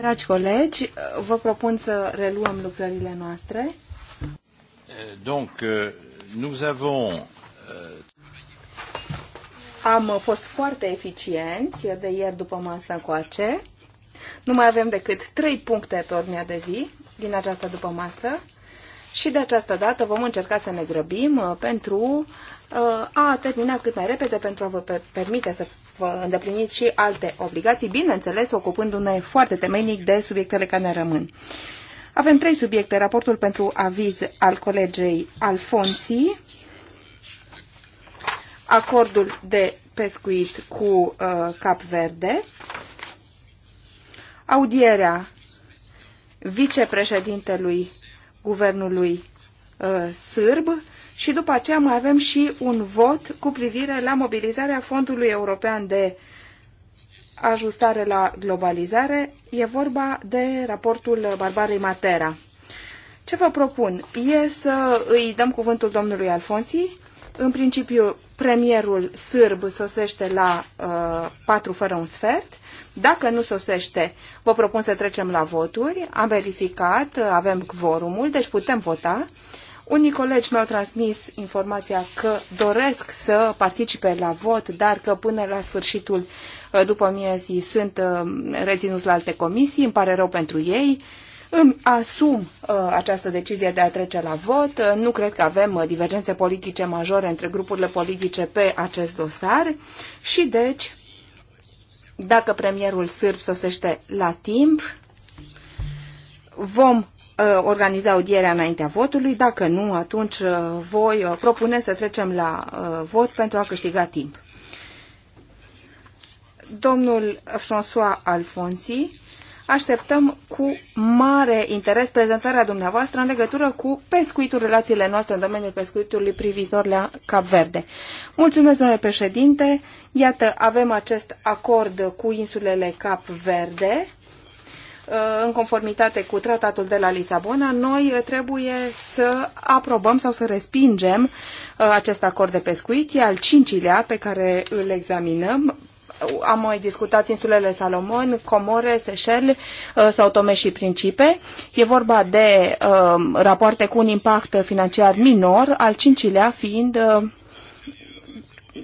Dragi colegi, vă propun să reluăm lucrările noastre. Euh, donc, euh, nous avons... Euh, Am fost foarte eficienți de ieri după masă încoace. Nu mai avem decât trei puncte pe ordinea de zi din această după masă. Și de această dată vom încerca să ne grăbim uh, pentru uh, a termina cât mai repede pentru a vă permite să vă îndepliniți și alte obligații, bineînțeles ocupându-ne foarte temeinic de subiectele care ne rămân. Avem trei subiecte. Raportul pentru aviz al colegei Alfonsi, acordul de pescuit cu uh, Cap Verde, audierea vicepreședintelui guvernului uh, sârb și după aceea mai avem și un vot cu privire la mobilizarea Fondului European de Ajustare la Globalizare. E vorba de raportul Barbarei Matera. Ce vă propun? E să îi dăm cuvântul domnului Alfonsi. În principiu, premierul sârb sosește la uh, 4 fără un sfert. Dacă nu sosește, vă propun să trecem la voturi. Am verificat, uh, avem quorumul, deci putem vota. Unii colegi mi-au transmis informația că doresc să participe la vot, dar că până la sfârșitul uh, după miezii sunt uh, reținuți la alte comisii. Îmi pare rău pentru ei. Îmi asum uh, această decizie de a trece la vot. Uh, nu cred că avem uh, divergențe politice majore între grupurile politice pe acest dosar și deci, dacă premierul sârb sosește la timp, vom Uh, organiza audierea înaintea votului. Dacă nu, atunci uh, voi uh, propune să trecem la vot pentru a câștiga timp. Domnul François Alfonsi, așteptăm cu mare interes prezentarea dumneavoastră în legătură cu pescuitul, relațiile noastre în domeniul pescuitului privitor la Cap Verde. Mulțumesc, domnule președinte. Iată, avem acest acord cu insulele Cap Verde Uh, în conformitate cu tratatul de la Lisabona, noi uh, trebuie să aprobăm sau să respingem uh, acest acord de pescuit. E al cincilea pe care îl examinăm am mai discutat insulele Salomon, Comore, Seychelles sau Tome și Principe. E vorba de um, rapoarte cu un impact financiar minor, al cincilea fiind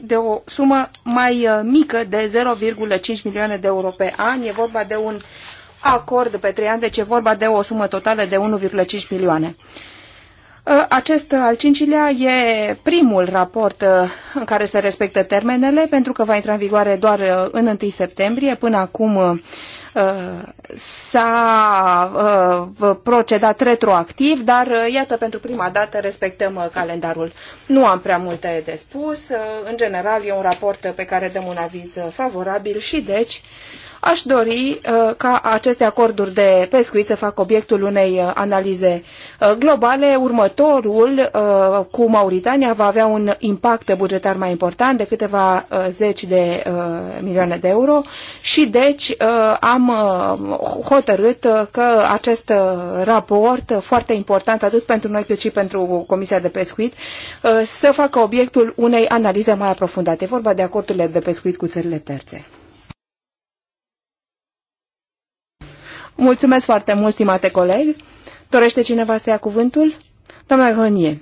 de o sumă mai mică de 0,5 milioane de euro pe an. E vorba de un acord pe trei ani, deci e vorba de o sumă totală de 1,5 milioane. Ă, acest al cincilea e primul raport ă, în care se respectă termenele, pentru că va intra în vigoare doar ă, în 1 septembrie. Până acum s-a procedat retroactiv, dar iată, pentru prima dată respectăm calendarul. Nu am prea multe de spus. În general, e un raport pe care dăm un aviz favorabil și deci Aș dori uh, ca aceste acorduri de pescuit să facă obiectul unei uh, analize uh, globale. Următorul cu Mauritania va avea un impact bugetar mai important de câteva zeci de milioane de euro și deci am hotărât că acest raport foarte important atât pentru noi cât și pentru Comisia de Pescuit să facă obiectul unei analize mai aprofundate. E vorba de acordurile de pescuit cu țările terțe. Mulțumesc foarte mult, stimate coleg. Dorește cineva să ia cuvântul? Doamna Grenier.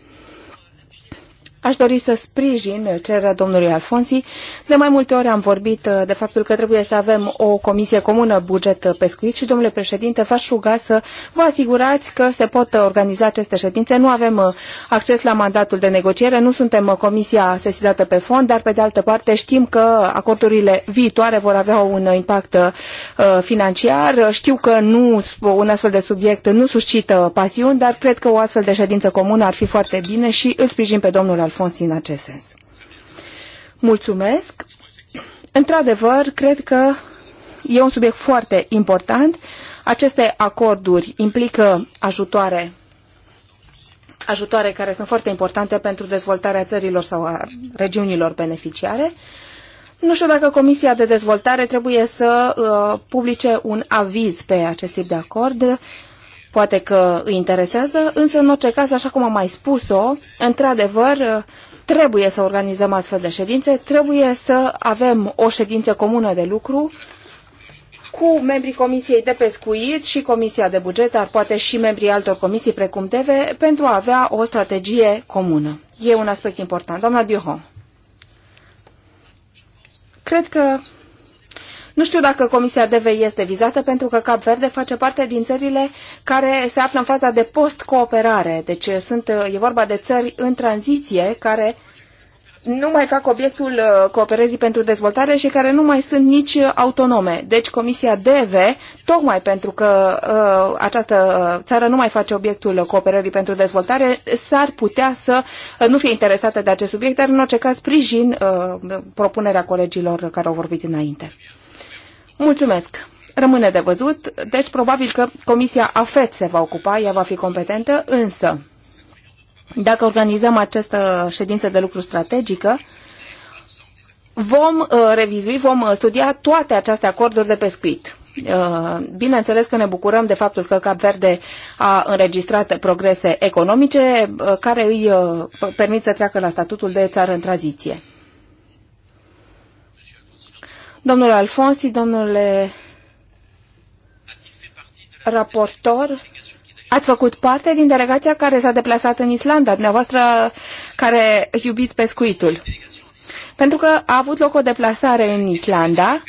Aș dori să sprijin cererea domnului Alfonsi. De mai multe ori am vorbit uh, de faptul că trebuie să avem o comisie comună buget pescuit și, domnule președinte, v-aș ruga să vă asigurați că se pot organiza aceste ședințe. Nu avem uh, acces la mandatul de negociere, nu suntem uh, comisia sesizată pe fond, dar, pe de altă parte, știm că acordurile viitoare vor avea un impact financiar. Știu că nu un astfel de subiect nu suscită pasiuni, dar cred că o astfel de ședință comună ar fi foarte bine și îl sprijin pe domnul Alfonsi. Alfonsi în acest sens. Mulțumesc! Într-adevăr, cred că e un subiect foarte important. Aceste acorduri implică ajutoare ajutoare care sunt foarte importante pentru dezvoltarea țărilor sau a regiunilor beneficiare. Nu știu dacă Comisia de Dezvoltare trebuie să uh, publice un aviz pe acest tip de acord. Poate că îi interesează, însă în orice caz, așa cum am mai spus-o, într-adevăr, trebuie să organizăm astfel de ședințe, trebuie să avem o ședință comună de lucru cu membrii Comisiei de Pescuit și Comisia de Buget, dar poate și membrii altor comisii precum DEVE, pentru a avea o strategie comună. E un aspect important. Doamna Duhon, cred că nu știu dacă Comisia DV este vizată, pentru că Cap Verde face parte din țările care se află în faza de post-cooperare. Deci uh, sunt, uh, e vorba de țări în tranziție care nu mai fac obiectul uh, cooperării pentru dezvoltare și care nu mai sunt nici autonome. Deci Comisia DV, tocmai pentru că uh, această țară nu mai face obiectul cooperării pentru dezvoltare, s-ar putea să uh, nu fie interesată de acest subiect, dar în orice caz sprijin uh, propunerea colegilor care au vorbit înainte. Mulțumesc! Rămâne de văzut, deci probabil că Comisia AFET se va ocupa, ea va fi competentă, însă dacă organizăm această ședință de lucru strategică, vom uh, revizui, vom uh, studia toate aceste acorduri de pescuit. Uh, bineînțeles că ne bucurăm de faptul că Cap Verde a înregistrat progrese economice uh, care îi uh, permit să treacă la statutul de țară în tranziție. Domnule Alfonsi, domnule raportor, ați făcut parte din delegația care s-a deplasat în Islanda, dumneavoastră care iubiți pescuitul. Pentru că a avut loc o deplasare în Islanda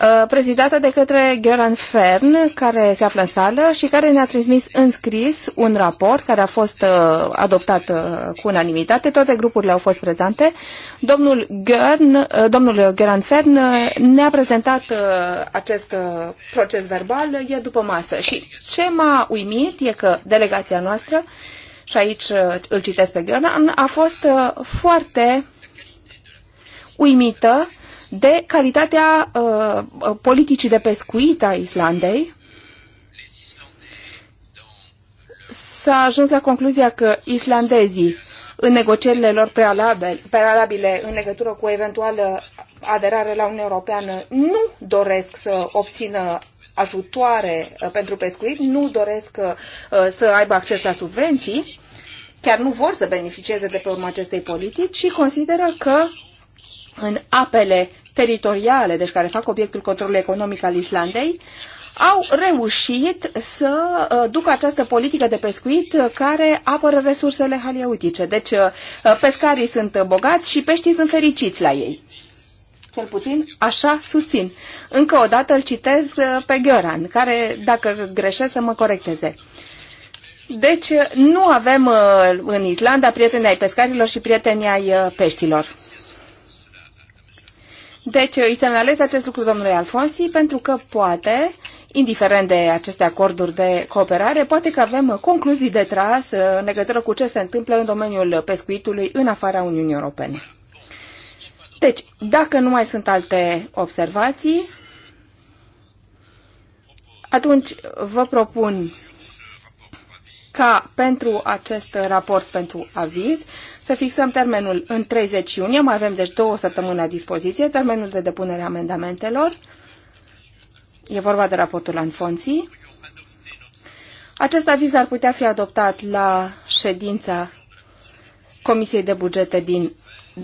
Uh, prezidată de către Göran Fern, care se află în sală și care ne-a transmis în scris un raport care a fost uh, adoptat uh, cu unanimitate. Toate grupurile au fost prezente. Domnul, Gern, domnul Göran Fern ne-a prezentat acest proces verbal ieri după masă. Și ce m-a uimit e că delegația noastră, și aici îl citesc pe Göran, a fost foarte uimită de calitatea uh, politicii de pescuit a Islandei, s-a ajuns la concluzia că islandezii, în negocierile lor prealabile în legătură cu eventuală aderare la Uniunea Europeană, nu doresc să obțină ajutoare uh, pentru pescuit, nu doresc uh, să aibă acces la subvenții, chiar nu vor să beneficieze de pe urma acestei politici și consideră că în apele teritoriale, deci care fac obiectul controlului economic al Islandei, au reușit să uh, ducă această politică de pescuit uh, care apără resursele haleutice. Deci uh, pescarii sunt bogați și peștii sunt fericiți la ei. Cel puțin așa susțin. Încă o dată îl citez pe Gheoran, care, dacă greșesc, să mă corecteze. Deci nu avem în Islanda prieteni ai pescarilor și prieteni ai peștilor. Deci îi semnalez acest lucru domnului Alfonsi pentru că poate, indiferent de aceste acorduri de cooperare, poate că avem concluzii de tras în legătură cu ce se întâmplă în domeniul pescuitului în afara Uniunii Europene. Deci, dacă nu mai sunt alte observații, atunci vă propun ca pentru acest raport pentru aviz să fixăm termenul în 30 iunie, mai avem deci două săptămâni la dispoziție, termenul de depunere a amendamentelor, e vorba de raportul Anfonții. Acest aviz ar putea fi adoptat la ședința Comisiei de Bugete din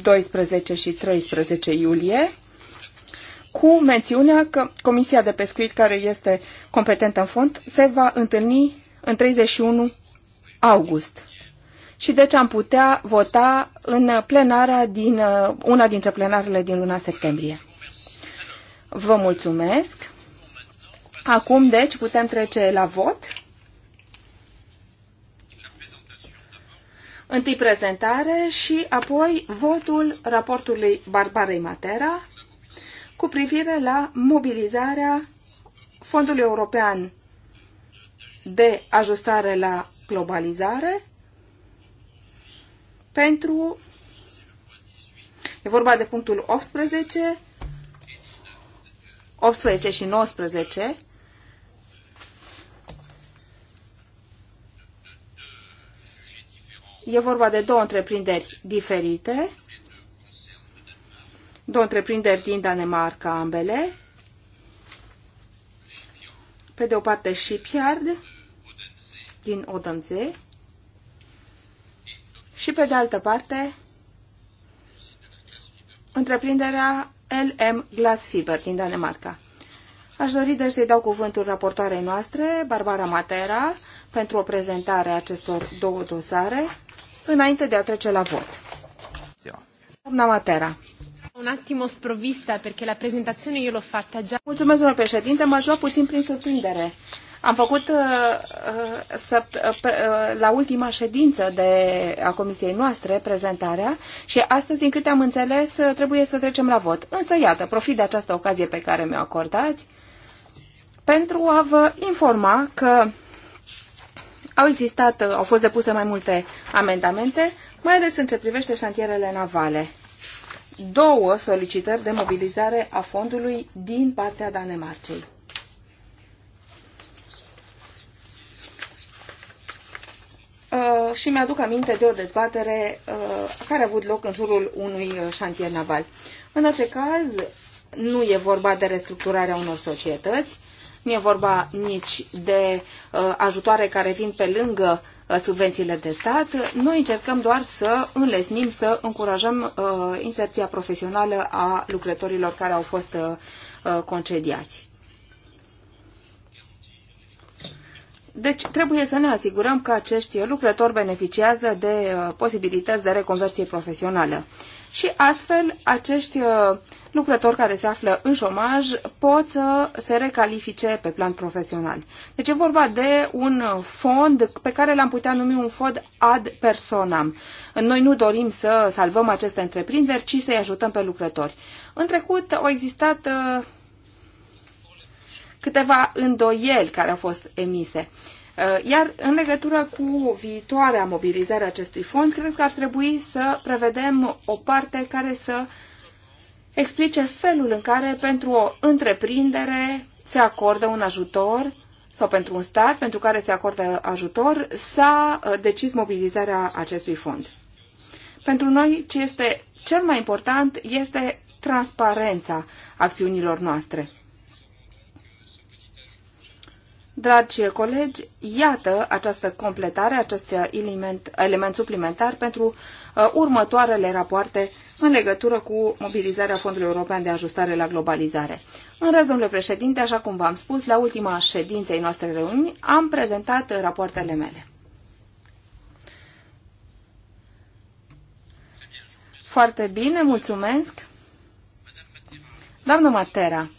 12 și 13 iulie, cu mențiunea că Comisia de Pescuit, care este competentă în fond, se va întâlni în 31 august. Și deci am putea vota în plenara din, uh, una dintre plenarele din luna septembrie. Vă mulțumesc. Acum, deci, putem trece la vot. Întâi prezentare și apoi votul raportului Barbarei Matera cu privire la mobilizarea Fondului European de ajustare la globalizare pentru e vorba de punctul 18 18 și 19 E vorba de două întreprinderi diferite, două întreprinderi din Danemarca ambele, pe de o parte Shipyard din Odămțe și, pe de altă parte, întreprinderea LM Glass Fiber din Danemarca. Aș dori deci să-i dau cuvântul raportoarei noastre, Barbara Matera, pentru o prezentare a acestor două dosare, înainte de a trece la vot. Doamna Matera. Un attimo sprovvista, perché la presentazione io l'ho fatta già. Mulțumesc, domnule președinte, m-aș lua puțin prin surprindere am făcut uh, uh, uh, la ultima ședință de, a comisiei noastre prezentarea și astăzi, din câte am înțeles, trebuie să trecem la vot. Însă, iată, profit de această ocazie pe care mi-o acordați pentru a vă informa că au existat, au fost depuse mai multe amendamente, mai ales în ce privește șantierele navale. Două solicitări de mobilizare a fondului din partea Danemarcei. Uh, și mi-aduc aminte de o dezbatere uh, care a avut loc în jurul unui uh, șantier naval. În orice caz, nu e vorba de restructurarea unor societăți, nu e vorba nici de uh, ajutoare care vin pe lângă uh, subvențiile de stat. Noi încercăm doar să înlesnim, să încurajăm uh, inserția profesională a lucrătorilor care au fost uh, concediați. Deci trebuie să ne asigurăm că acești lucrători beneficiază de uh, posibilități de reconversie profesională. Și astfel, acești uh, lucrători care se află în șomaj pot să se recalifice pe plan profesional. Deci e vorba de un uh, fond pe care l-am putea numi un fond ad personam. Noi nu dorim să salvăm aceste întreprinderi, ci să-i ajutăm pe lucrători. În trecut au existat câteva îndoieli care au fost emise. Uh, iar în legătură cu viitoarea mobilizare a acestui fond, cred că ar trebui să prevedem o parte care să explice felul în care pentru o întreprindere se acordă un ajutor sau pentru un stat pentru care se acordă ajutor, s-a uh, decis mobilizarea acestui fond. Pentru noi, ce este cel mai important este transparența acțiunilor noastre. Dragi colegi, iată această completare, acest element, element suplimentar pentru uh, următoarele rapoarte în legătură cu mobilizarea Fondului European de Ajustare la Globalizare. În rest, domnule președinte, așa cum v-am spus, la ultima ședinței noastre reuni, am prezentat rapoartele mele. Foarte bine, mulțumesc. Doamnă Matera,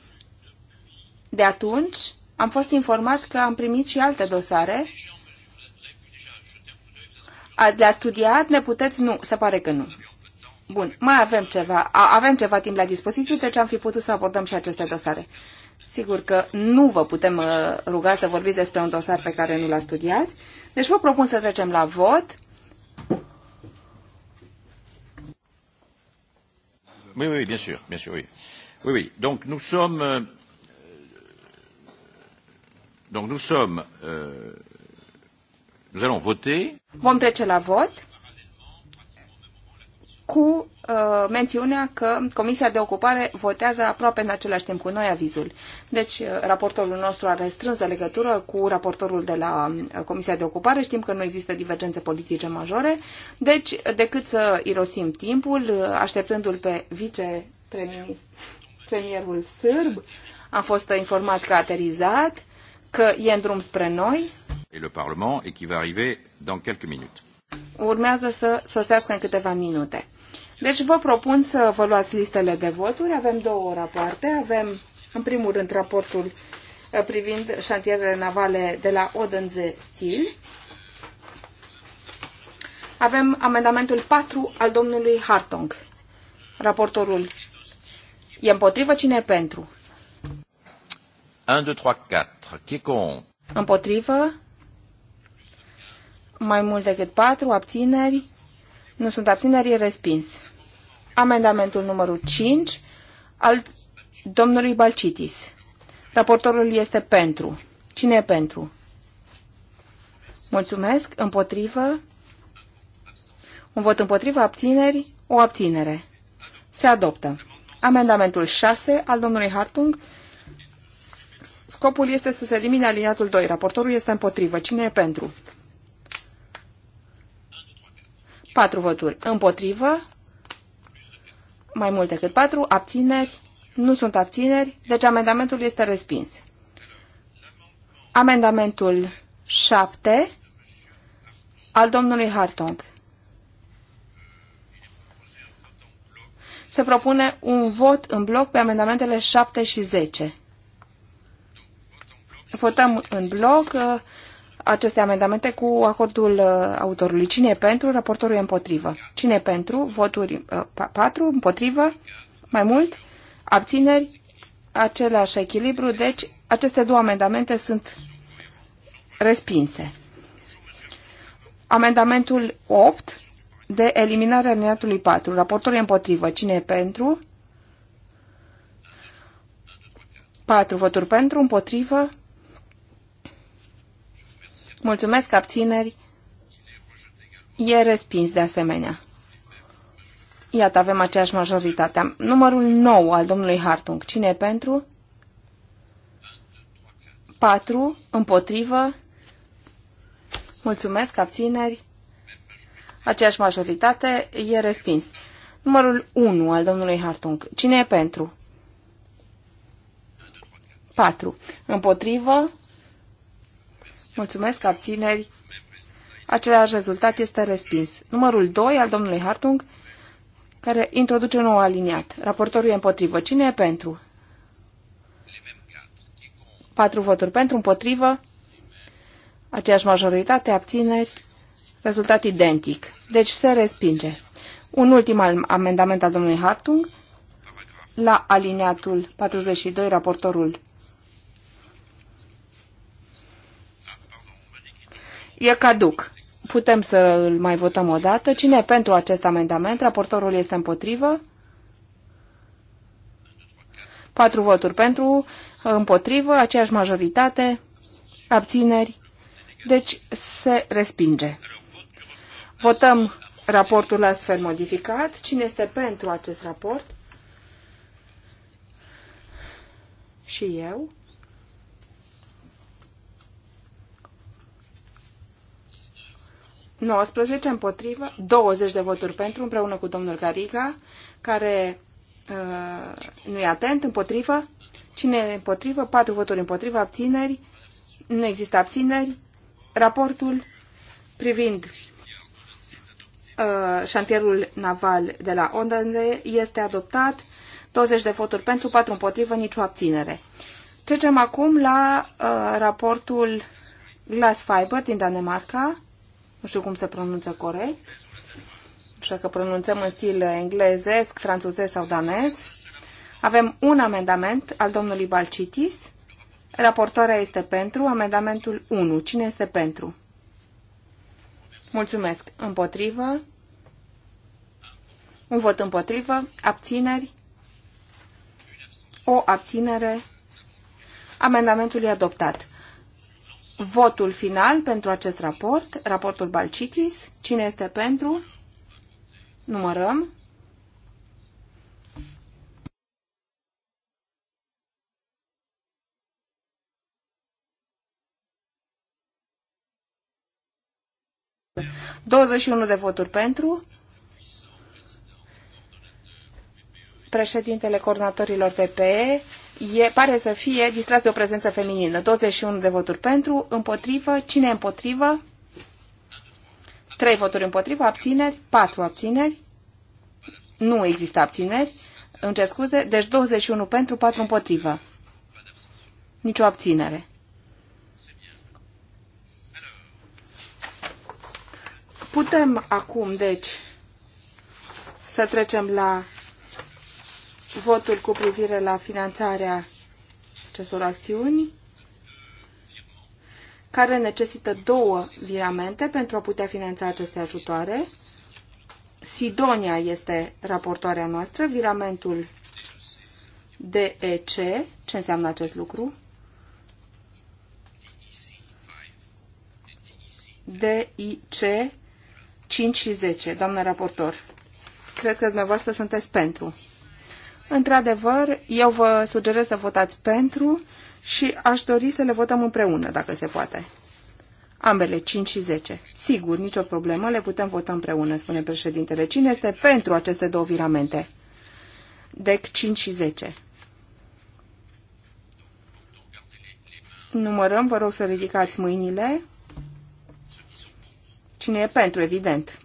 de atunci am fost informat că am primit și alte dosare. de a studiat? Ne puteți? Nu, se pare că nu. Bun, mai avem ceva, avem ceva timp la dispoziție, deci am fi putut să abordăm și aceste dosare. Sigur că nu vă putem uh, ruga să vorbiți despre un dosar pe care nu l a studiat, deci vă propun să trecem la vot. Oui, oui, bien sûr, bien sûr, oui. Oui, oui, donc nous sommes euh, Donc nous sommes, euh, nous allons voter. Vom trece la vot cu uh, mențiunea că Comisia de Ocupare votează aproape în același timp cu noi avizul. Deci, uh, raportorul nostru are strânsă legătură cu raportorul de la uh, Comisia de Ocupare. Știm că nu există divergențe politice majore. Deci, decât să irosim timpul, uh, așteptându-l pe vicepremierul sârb, am fost informat că a aterizat că e în drum spre noi. Et le Parlement et qui va arriver dans quelques minutes. Urmează să sosească în câteva minute. Deci vă propun să vă luați listele de voturi. Avem două rapoarte. Avem, în primul rând, raportul eh, privind șantierele navale de la Odense Steel. Avem amendamentul 4 al domnului Hartong. Raportorul e împotrivă, cine e pentru? 1, 2, 3, 4. Qui est contre? Împotrivă. Mai mult decât 4. Abțineri. Nu sunt abțineri, e respins. Amendamentul numărul 5 al domnului Balcitis. Raportorul este pentru. Cine e pentru? Mulțumesc. Împotrivă. Un vot împotrivă, abțineri, o abținere. Se adoptă. Amendamentul 6 al domnului Hartung Scopul este să se elimine aliniatul 2. Raportorul este împotrivă. Cine e pentru? 4 voturi împotrivă, mai mult decât 4, abțineri, nu sunt abțineri, deci amendamentul este respins. Amendamentul 7 al domnului Hartong. Se propune un vot în bloc pe amendamentele 7 și 10. Votăm în bloc uh, aceste amendamente cu acordul uh, autorului. Cine e pentru? Raportorul e împotrivă. Cine e pentru? Voturi 4, uh, împotrivă, mai mult, abțineri, același echilibru, deci aceste două amendamente sunt respinse. Amendamentul 8 de eliminare alineatului 4. Raportorul e împotrivă. Cine e pentru? 4 voturi pentru, împotrivă, Mulțumesc, abțineri. E respins de asemenea. Iată, avem aceeași majoritate. Numărul nou al domnului Hartung. Cine e pentru? 4. Împotrivă. Mulțumesc, abțineri. Aceeași majoritate e respins. Numărul 1 al domnului Hartung. Cine e pentru? 4. Împotrivă. Mulțumesc, abțineri. Același rezultat este respins. Numărul 2 al domnului Hartung, care introduce un nou aliniat. Raportorul e împotrivă. Cine e pentru? 4 voturi pentru, împotrivă. Aceeași majoritate, abțineri. Rezultat identic. Deci se respinge. Un ultim amendament al domnului Hartung. La aliniatul 42, raportorul e caduc. Putem să îl mai votăm o dată. Cine e pentru acest amendament? Raportorul este împotrivă. Patru voturi pentru, împotrivă, aceeași majoritate, abțineri. Deci se respinge. Votăm raportul astfel modificat. Cine este pentru acest raport? Și eu. 19 împotrivă, 20 de voturi pentru, împreună cu domnul Gariga, care uh, nu e atent, împotrivă. Cine e împotrivă? 4 voturi împotrivă, abțineri. Nu există abțineri. Raportul privind uh, șantierul naval de la Ondane este adoptat. 20 de voturi pentru, 4 împotrivă, nicio abținere. Trecem acum la uh, raportul Glass Fiber din Danemarca nu știu cum se pronunță corect, nu știu dacă pronunțăm în stil englezesc, franțuzesc sau danez. Avem un amendament al domnului Balcitis. Raportoarea este pentru amendamentul 1. Cine este pentru? Mulțumesc. Împotrivă. Un vot împotrivă. Abțineri. O abținere. Amendamentul e adoptat votul final pentru acest raport, raportul Balcitis. Cine este pentru? Numărăm. Douăzeci și unu de voturi pentru, președintele coordonatorilor PPE e, pare să fie distras de o prezență feminină. 21 de voturi pentru, împotrivă, cine împotrivă? 3 voturi împotrivă, abțineri, 4 abțineri, nu există abțineri, îmi cer scuze, deci 21 pentru, 4 împotrivă. Nicio abținere. Putem acum, deci, să trecem la votul cu privire la finanțarea acestor acțiuni, care necesită două viramente pentru a putea finanța aceste ajutoare. Sidonia este raportoarea noastră, viramentul DEC. Ce înseamnă acest lucru? DIC 5 și 10, doamnă raportor. Cred că dumneavoastră sunteți pentru. Într-adevăr, eu vă sugerez să votați pentru și aș dori să le votăm împreună, dacă se poate. Ambele, 5 și 10. Sigur, nicio problemă, le putem vota împreună, spune președintele. Cine este pentru aceste două viramente? Dec 5 și 10. Numărăm, vă rog să ridicați mâinile. Cine e pentru, evident.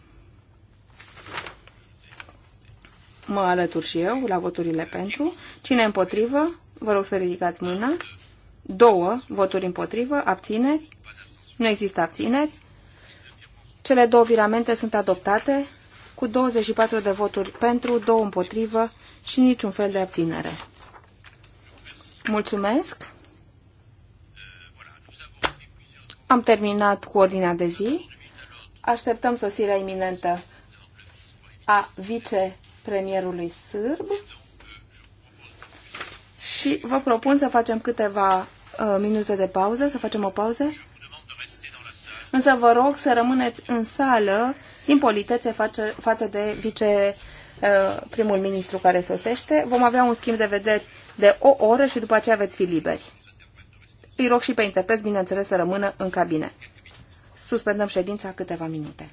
mă alătur și eu la voturile pentru. Cine împotrivă, vă rog să ridicați mâna. Două voturi împotrivă, abțineri. Nu există abțineri. Cele două viramente sunt adoptate cu 24 de voturi pentru, două împotrivă și niciun fel de abținere. Mulțumesc! Am terminat cu ordinea de zi. Așteptăm sosirea iminentă a vice premierului sârb și vă propun să facem câteva uh, minute de pauză, să facem o pauză. Însă vă rog să rămâneți în sală din politețe face, față de vice uh, primul ministru care sosește. Vom avea un schimb de vederi de o oră și după aceea veți fi liberi. Îi rog și pe interpreți, bineînțeles, să rămână în cabine. Suspendăm ședința câteva minute.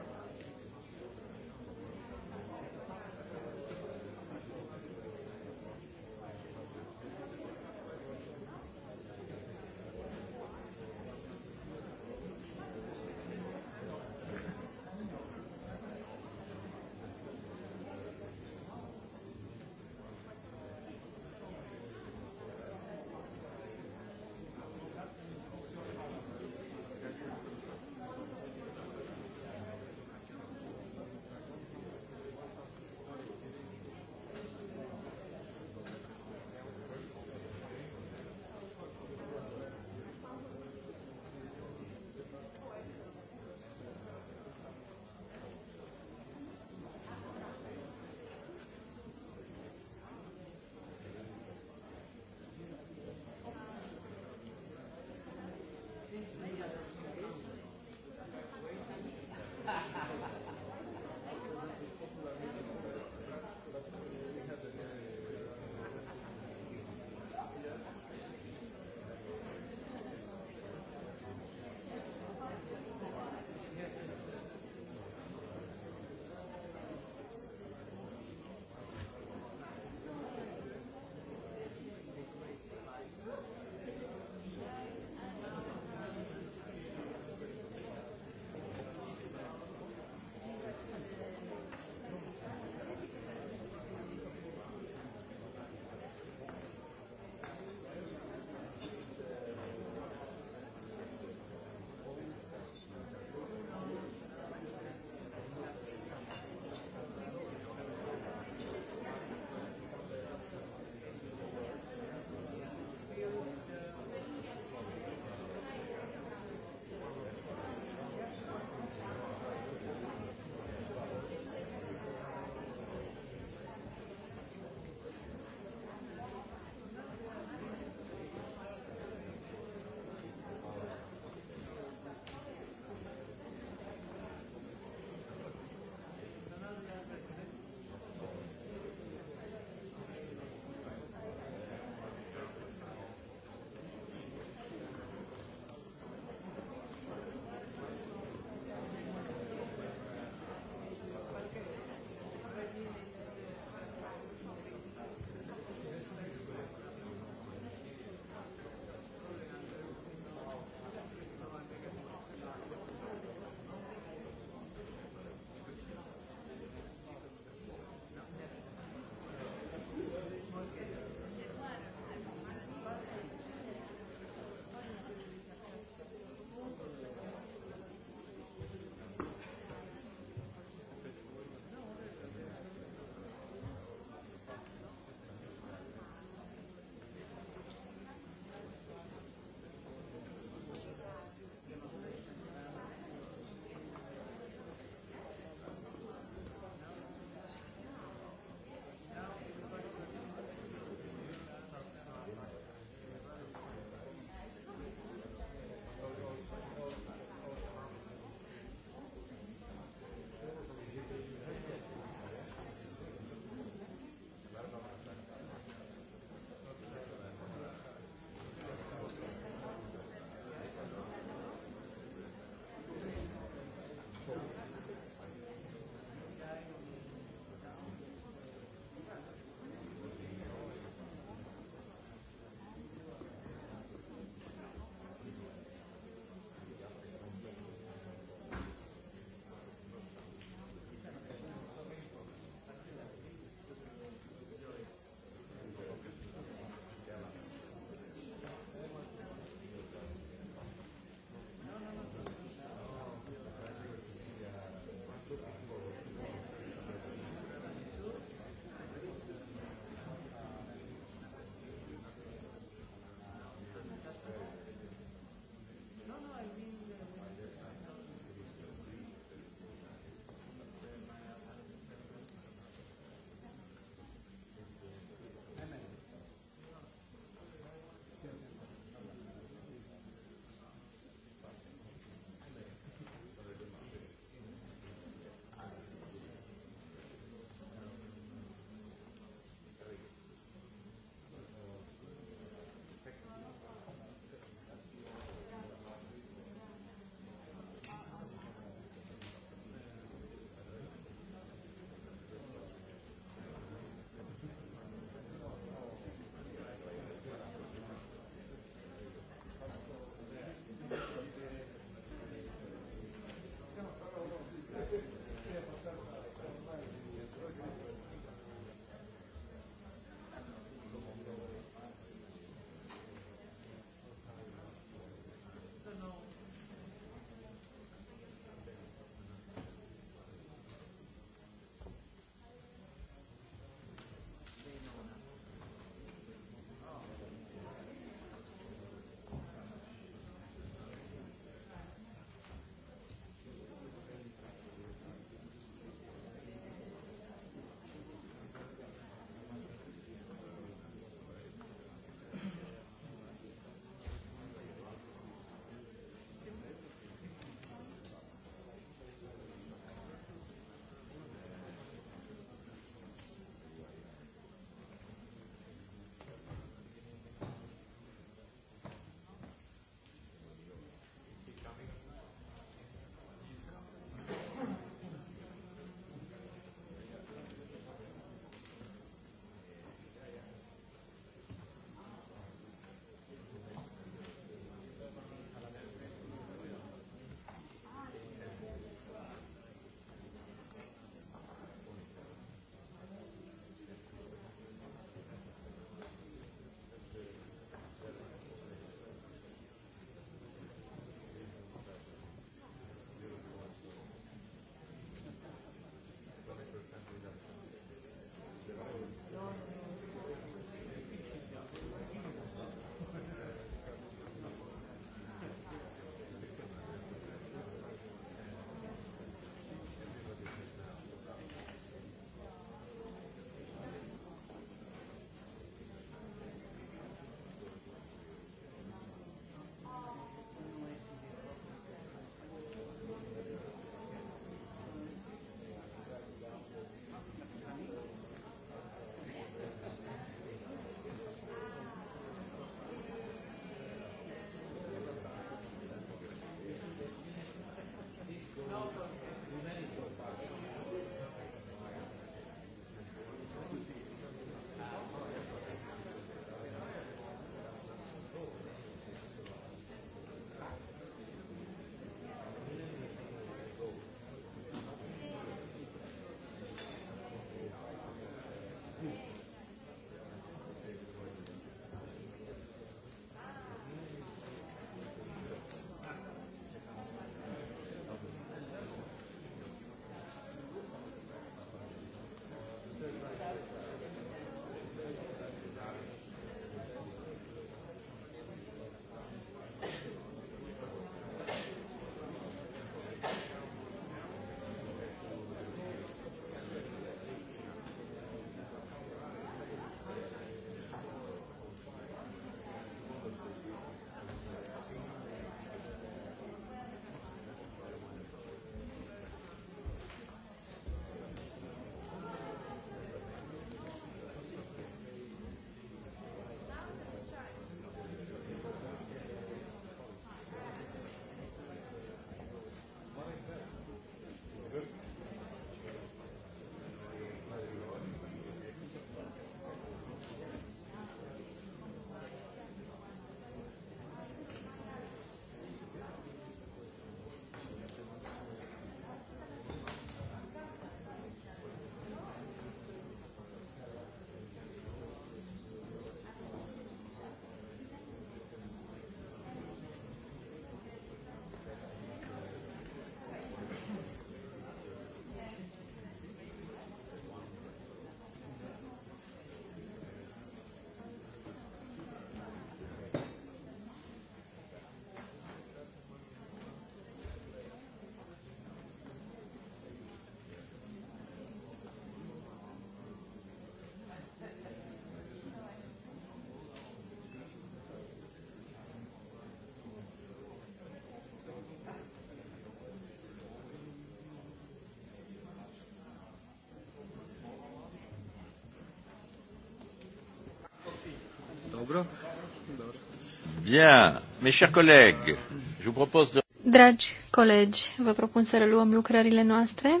Bien, mes chers collègues, je vous propose de... Dragi colegi, vă propun să reluăm lucrările noastre.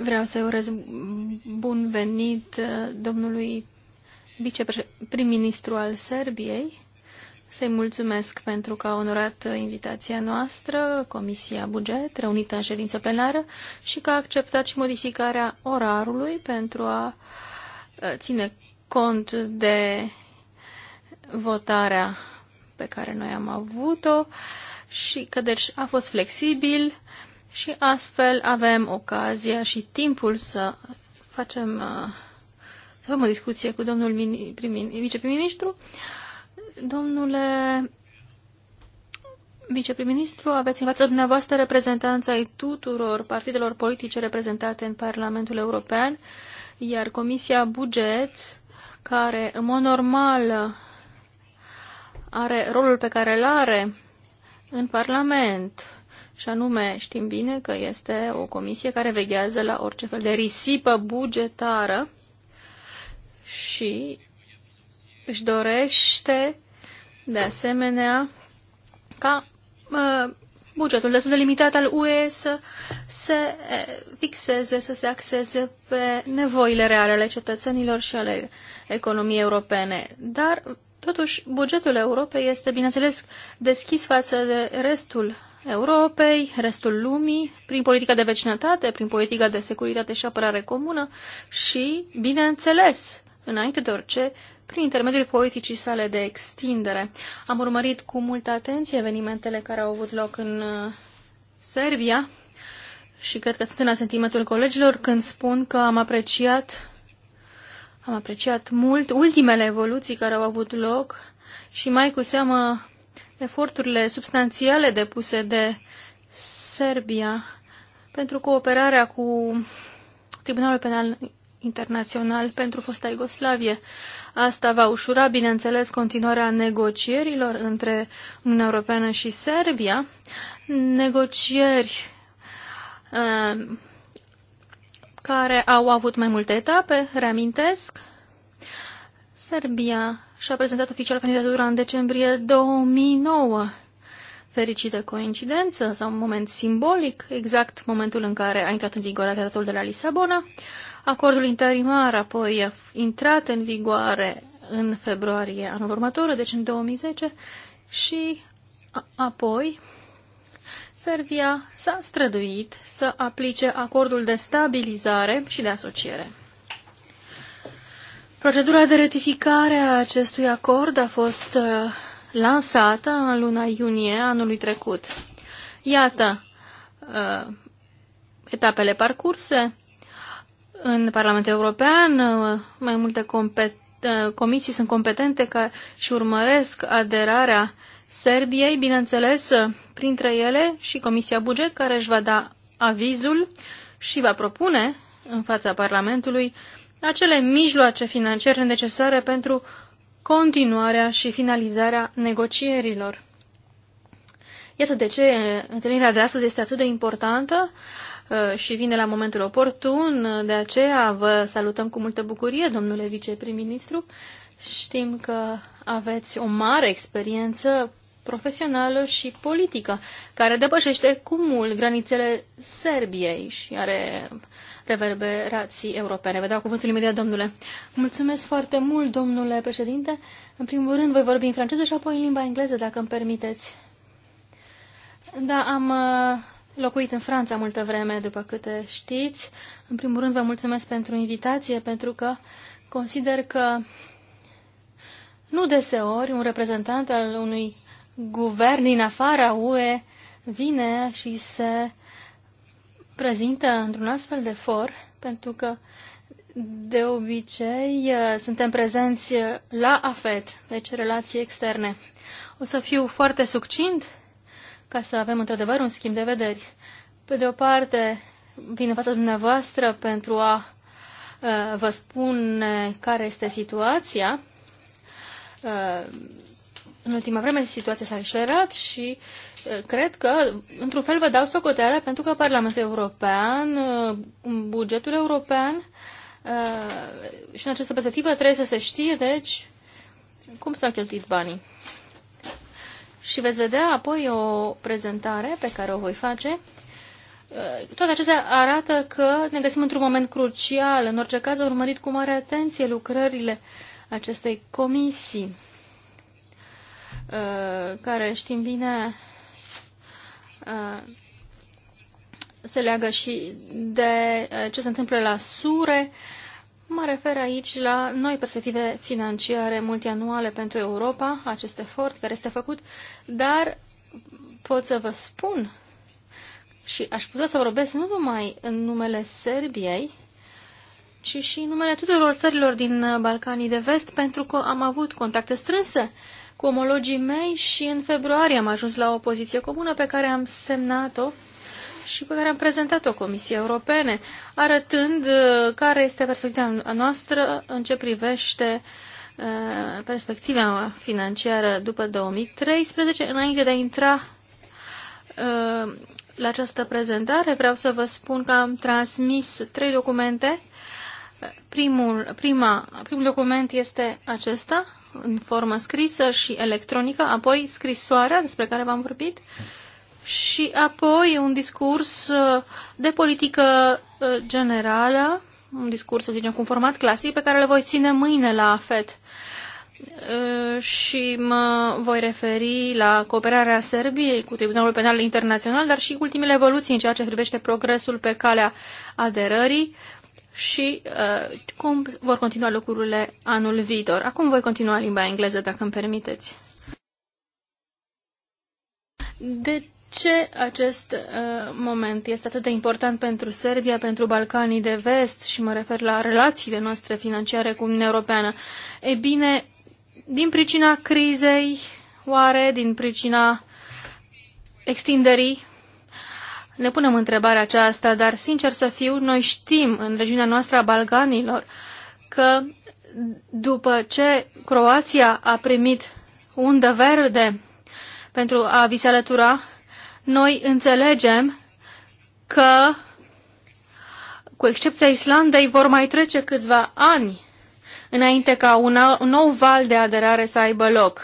Vreau să urez bun venit uh, domnului viceprim-ministru al Serbiei, să-i mulțumesc pentru că a onorat invitația noastră, Comisia Buget, reunită în ședință plenară, și că a acceptat și modificarea orarului pentru a uh, Uh, ține cont de votarea pe care noi am avut-o și că deci a fost flexibil și astfel avem ocazia și timpul să facem, uh, să avem o discuție cu domnul viceprim-ministru. Domnule viceprim-ministru, aveți în fața dumneavoastră reprezentanța ai tuturor partidelor politice reprezentate în Parlamentul European iar Comisia Buget, care în mod normal are rolul pe care îl are în Parlament, și anume știm bine că este o comisie care veghează la orice fel de risipă bugetară și își dorește de asemenea ca uh, bugetul destul de limitat al UE să se fixeze, să se axeze pe nevoile reale ale cetățenilor și ale economiei europene. Dar, totuși, bugetul Europei este, bineînțeles, deschis față de restul Europei, restul lumii, prin politica de vecinătate, prin politica de securitate și apărare comună și, bineînțeles, înainte de orice, prin intermediul poeticii sale de extindere. Am urmărit cu multă atenție evenimentele care au avut loc în uh, Serbia și cred că sunt în asentimentul colegilor când spun că am apreciat, am apreciat mult ultimele evoluții care au avut loc și mai cu seamă eforturile substanțiale depuse de Serbia pentru cooperarea cu Tribunalul Penal internațional pentru fosta Iugoslavie. Asta va ușura, bineînțeles, continuarea negocierilor între Uniunea Europeană și Serbia, negocieri uh, care au avut mai multe etape, reamintesc. Serbia și-a prezentat oficial candidatura în decembrie 2009 fericită coincidență sau un moment simbolic, exact momentul în care a intrat în vigoare tratatul de la Lisabona. Acordul interimar apoi a intrat în vigoare în februarie anul următor, deci în 2010, și apoi Serbia s-a străduit să aplice acordul de stabilizare și de asociere. Procedura de ratificare a acestui acord a fost uh, lansată în luna iunie anului trecut. Iată uh, etapele parcurse în Parlamentul European, uh, mai multe uh, comisii sunt competente ca și urmăresc aderarea Serbiei, bineînțeles, printre ele și Comisia Buget, care își va da avizul și va propune în fața Parlamentului acele mijloace financiare necesare pentru continuarea și finalizarea negocierilor. Iată de ce întâlnirea de astăzi este atât de importantă uh, și vine la momentul oportun, de aceea vă salutăm cu multă bucurie, domnule viceprim-ministru. Știm că aveți o mare experiență profesională și politică, care depășește cu mult granițele Serbiei și are reverberații europene. Vă dau cuvântul imediat, domnule. Mulțumesc foarte mult, domnule președinte. În primul rând, voi vorbi în franceză și apoi în limba engleză, dacă îmi permiteți. Da, am uh, locuit în Franța multă vreme, după câte știți. În primul rând, vă mulțumesc pentru invitație, pentru că consider că nu deseori un reprezentant al unui guvern din afara UE vine și se prezintă într-un astfel de for, pentru că de obicei uh, suntem prezenți la AFET, deci relații externe. O să fiu foarte succint ca să avem într-adevăr un schimb de vederi. Pe de o parte, vin în fața dumneavoastră pentru a uh, vă spune care este situația. Uh, în ultima vreme situația s-a accelerat și uh, cred că, într-un fel, vă dau socoteala pentru că Parlamentul European, uh, bugetul european uh, și în această perspectivă trebuie să se știe, deci, cum s-au cheltuit banii. Și veți vedea apoi o prezentare pe care o voi face. Uh, toate acestea arată că ne găsim într-un moment crucial. În orice caz, urmărit cu mare atenție lucrările acestei comisii care știm bine Uh, se leagă și de uh, ce se întâmplă la SURE. Mă refer aici la noi perspective financiare multianuale pentru Europa, acest efort care este făcut, dar pot să vă spun și aș putea să vorbesc nu numai în numele Serbiei, ci și în numele tuturor țărilor din Balcanii de Vest, pentru că am avut contacte strânse uh, cu omologii mei și în februarie am ajuns la o poziție comună pe care am semnat-o și pe care am prezentat-o Comisiei Europene, arătând uh, care este perspectiva noastră în ce privește uh, perspectiva financiară după 2013. Înainte de a intra uh, la această prezentare, vreau să vă spun că am transmis trei documente Primul, prima, primul document este acesta, în formă scrisă și electronică, apoi scrisoarea despre care v-am vorbit și apoi un discurs uh, de politică uh, generală, un discurs, să zicem, cu un format clasic, pe care le voi ține mâine la FET. Uh, și mă voi referi la cooperarea Serbiei cu Tribunalul Penal Internațional, dar și ultimele evoluții în ceea ce privește progresul pe calea aderării și uh, cum vor continua lucrurile anul viitor. Acum voi continua limba engleză, dacă îmi permiteți. De ce acest uh, moment este atât de important pentru Serbia, pentru Balcanii de Vest și mă refer la relațiile noastre financiare cu Uniunea Europeană? E bine, din pricina crizei, oare din pricina extinderii ne punem întrebarea aceasta, dar sincer să fiu, noi știm în regiunea noastră a Balcanilor că după ce Croația a primit undă verde pentru a vi se alătura, noi înțelegem că, cu excepția Islandei, vor mai trece câțiva ani înainte ca un, un nou val de aderare să aibă loc.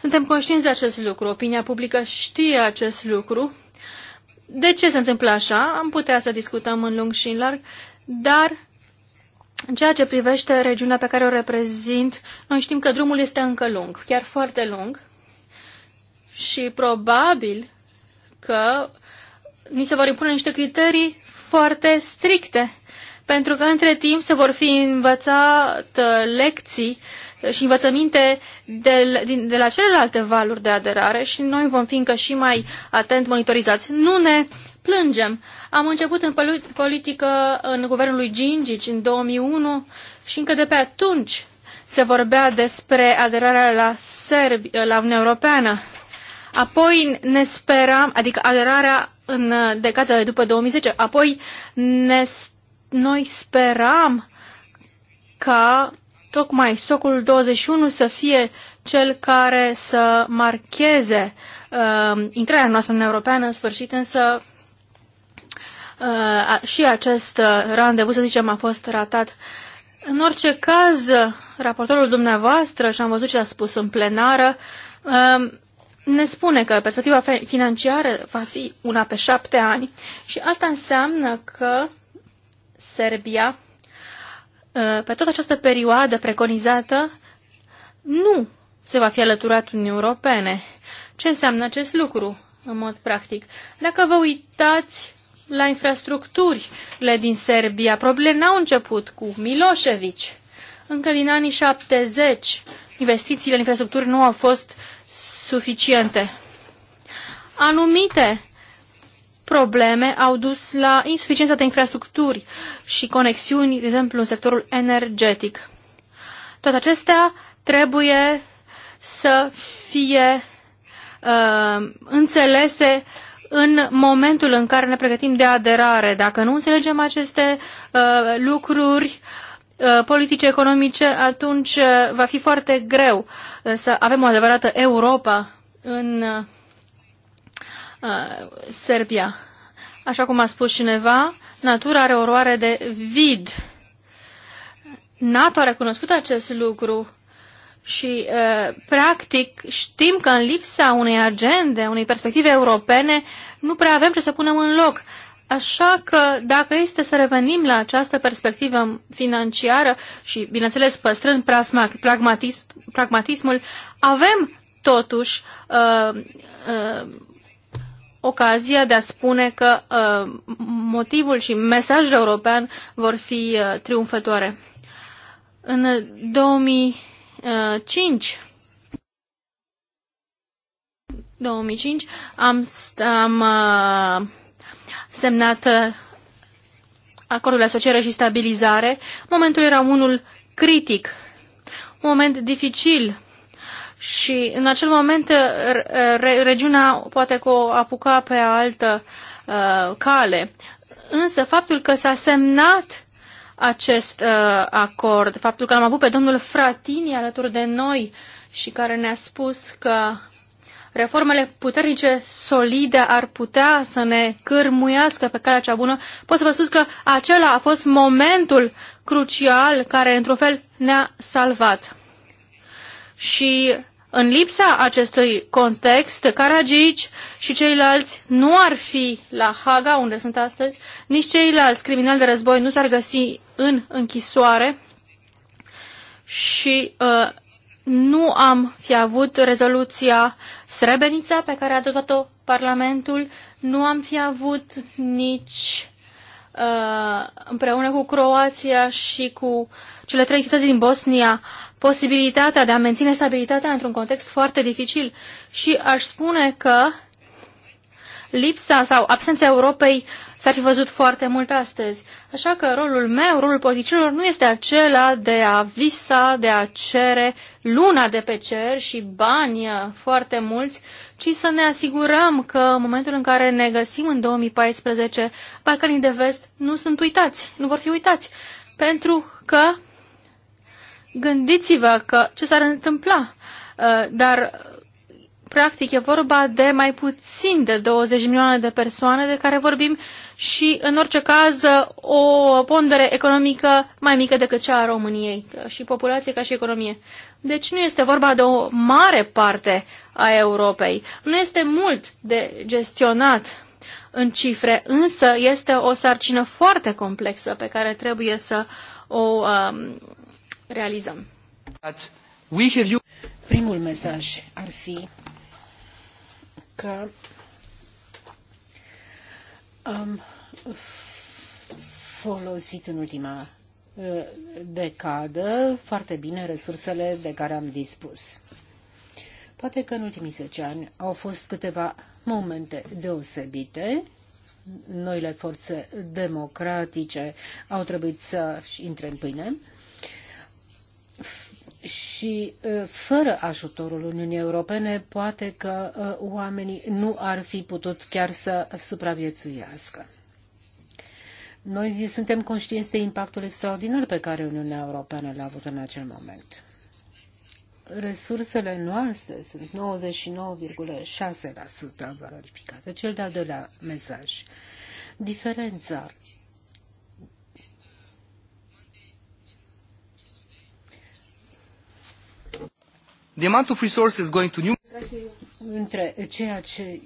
Suntem conștienți de acest lucru, opinia publică știe acest lucru de ce se întâmplă așa? Am putea să discutăm în lung și în larg, dar în ceea ce privește regiunea pe care o reprezint, noi știm că drumul este încă lung, chiar foarte lung și probabil că ni se vor impune niște criterii foarte stricte, pentru că între timp se vor fi învățat uh, lecții uh, și învățăminte de, din, de la celelalte valuri de aderare și noi vom fi încă și mai atent monitorizați. Nu ne plângem. Am început în politică în guvernul lui Gingici în 2001 și încă de pe atunci se vorbea despre aderarea la, Serbi, la Uniunea Europeană. Apoi ne speram, adică aderarea în decada după 2010, apoi ne, noi speram ca tocmai socul 21 să fie cel care să marcheze uh, intrarea noastră în Europeană, în sfârșit însă uh, și acest uh, randevu, să zicem, a fost ratat. În orice caz, raportorul dumneavoastră, și am văzut ce a spus în plenară, uh, ne spune că perspectiva financiară va fi una pe șapte ani și asta înseamnă că Serbia Uh, pe toată această perioadă preconizată, nu se va fi alăturat Uniunii Europene. Ce înseamnă acest lucru, în mod practic? Dacă vă uitați la infrastructurile din Serbia, problemele n-au început cu Milosevic. Încă din anii 70, investițiile în infrastructuri nu au fost suficiente. Anumite probleme au dus la insuficiența de infrastructuri și conexiuni, de exemplu, în sectorul energetic. Toate acestea trebuie să fie uh, înțelese în momentul în care ne pregătim de aderare. Dacă nu înțelegem aceste uh, lucruri uh, politice, economice, atunci uh, va fi foarte greu să avem o adevărată Europa în uh, Uh, Serbia. Așa cum a spus cineva, natura are oroare de vid. NATO a recunoscut acest lucru și, uh, practic, știm că în lipsa unei agende, unei perspective europene, nu prea avem ce să punem în loc. Așa că, dacă este să revenim la această perspectivă financiară și, bineînțeles, păstrând pragmatism, pragmatismul, avem totuși uh, uh, ocazia de a spune că uh, motivul și mesajul european vor fi uh, triumfătoare. În 2005, 2005 am, am uh, semnat uh, acordul de asociere și stabilizare. Momentul era unul critic, un moment dificil și în acel moment uh, regiunea poate că o apuca pe altă uh, cale. Însă faptul că s-a semnat acest uh, acord, faptul că am avut pe domnul Fratini alături de noi și care ne-a spus că reformele puternice, solide, ar putea să ne cârmuiască pe calea cea bună, pot să vă spun că acela a fost momentul crucial care, într-un fel, ne-a salvat. Și în lipsa acestui context, Caragici și ceilalți nu ar fi la Haga, unde sunt astăzi, nici ceilalți criminali de război nu s-ar găsi în închisoare și uh, nu am fi avut rezoluția Srebrenica pe care a adoptat-o Parlamentul, nu am fi avut nici uh, împreună cu Croația și cu cele trei chități din Bosnia posibilitatea de a menține stabilitatea într-un context foarte dificil și aș spune că lipsa sau absența Europei s-ar fi văzut foarte mult astăzi. Așa că rolul meu, rolul politicilor, nu este acela de a visa, de a cere luna de pe cer și bani foarte mulți, ci să ne asigurăm că în momentul în care ne găsim în 2014, Balcanii de Vest nu sunt uitați, nu vor fi uitați, pentru că Gândiți-vă că ce s-ar întâmpla, uh, dar practic e vorba de mai puțin de 20 milioane de persoane de care vorbim și în orice caz o pondere economică mai mică decât cea a României și populație ca și economie. Deci nu este vorba de o mare parte a Europei. Nu este mult de gestionat în cifre, însă este o sarcină foarte complexă pe care trebuie să o um, realizăm. Primul mesaj ar fi că am folosit în ultima uh, decadă foarte bine resursele de care am dispus. Poate că în ultimii 10 ani au fost câteva momente deosebite. Noile forțe democratice au trebuit să-și intre în pâine și uh, fără ajutorul Uniunii Europene, poate că uh, oamenii nu ar fi putut chiar să supraviețuiască. Noi suntem conștienți de impactul extraordinar pe care Uniunea Europeană l-a avut în acel moment. Resursele noastre sunt 99,6% valorificate. Cel de-al doilea mesaj. Diferența The amount of resources going to new între ceea ce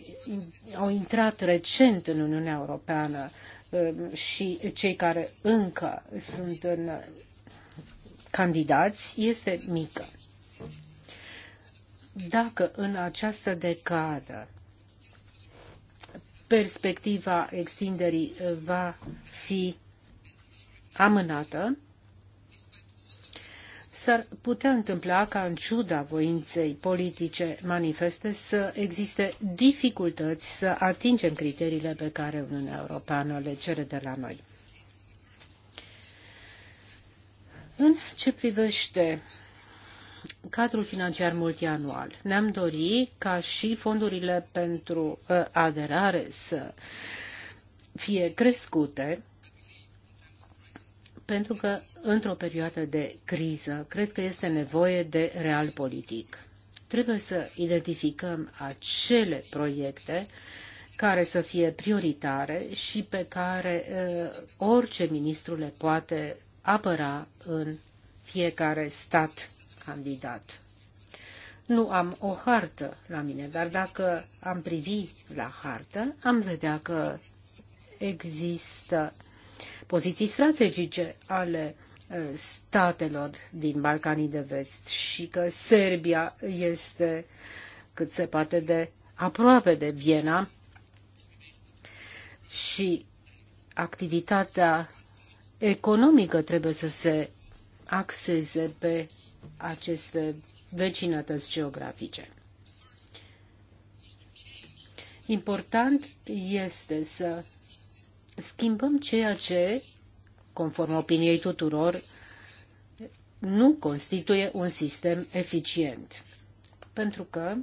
au intrat recent în Uniunea Europeană ă, și cei care încă sunt în candidați este mică. Dacă în această decadă perspectiva extinderii va fi amânată, s-ar putea întâmpla ca în ciuda voinței politice manifeste să existe dificultăți să atingem criteriile pe care Uniunea Europeană le cere de la noi. În ce privește cadrul financiar multianual, ne-am dorit ca și fondurile pentru uh, aderare să fie crescute, pentru că într-o perioadă de criză, cred că este nevoie de real politic. Trebuie să identificăm acele proiecte care să fie prioritare și pe care uh, orice ministru le poate apăra în fiecare stat candidat. Nu am o hartă la mine, dar dacă am privi la hartă, am vedea că există poziții strategice ale statelor din Balcanii de Vest și că Serbia este cât se poate de aproape de Viena și activitatea economică trebuie să se axeze pe aceste vecinătăți geografice. Important este să schimbăm ceea ce conform opiniei tuturor, nu constituie un sistem eficient. Pentru că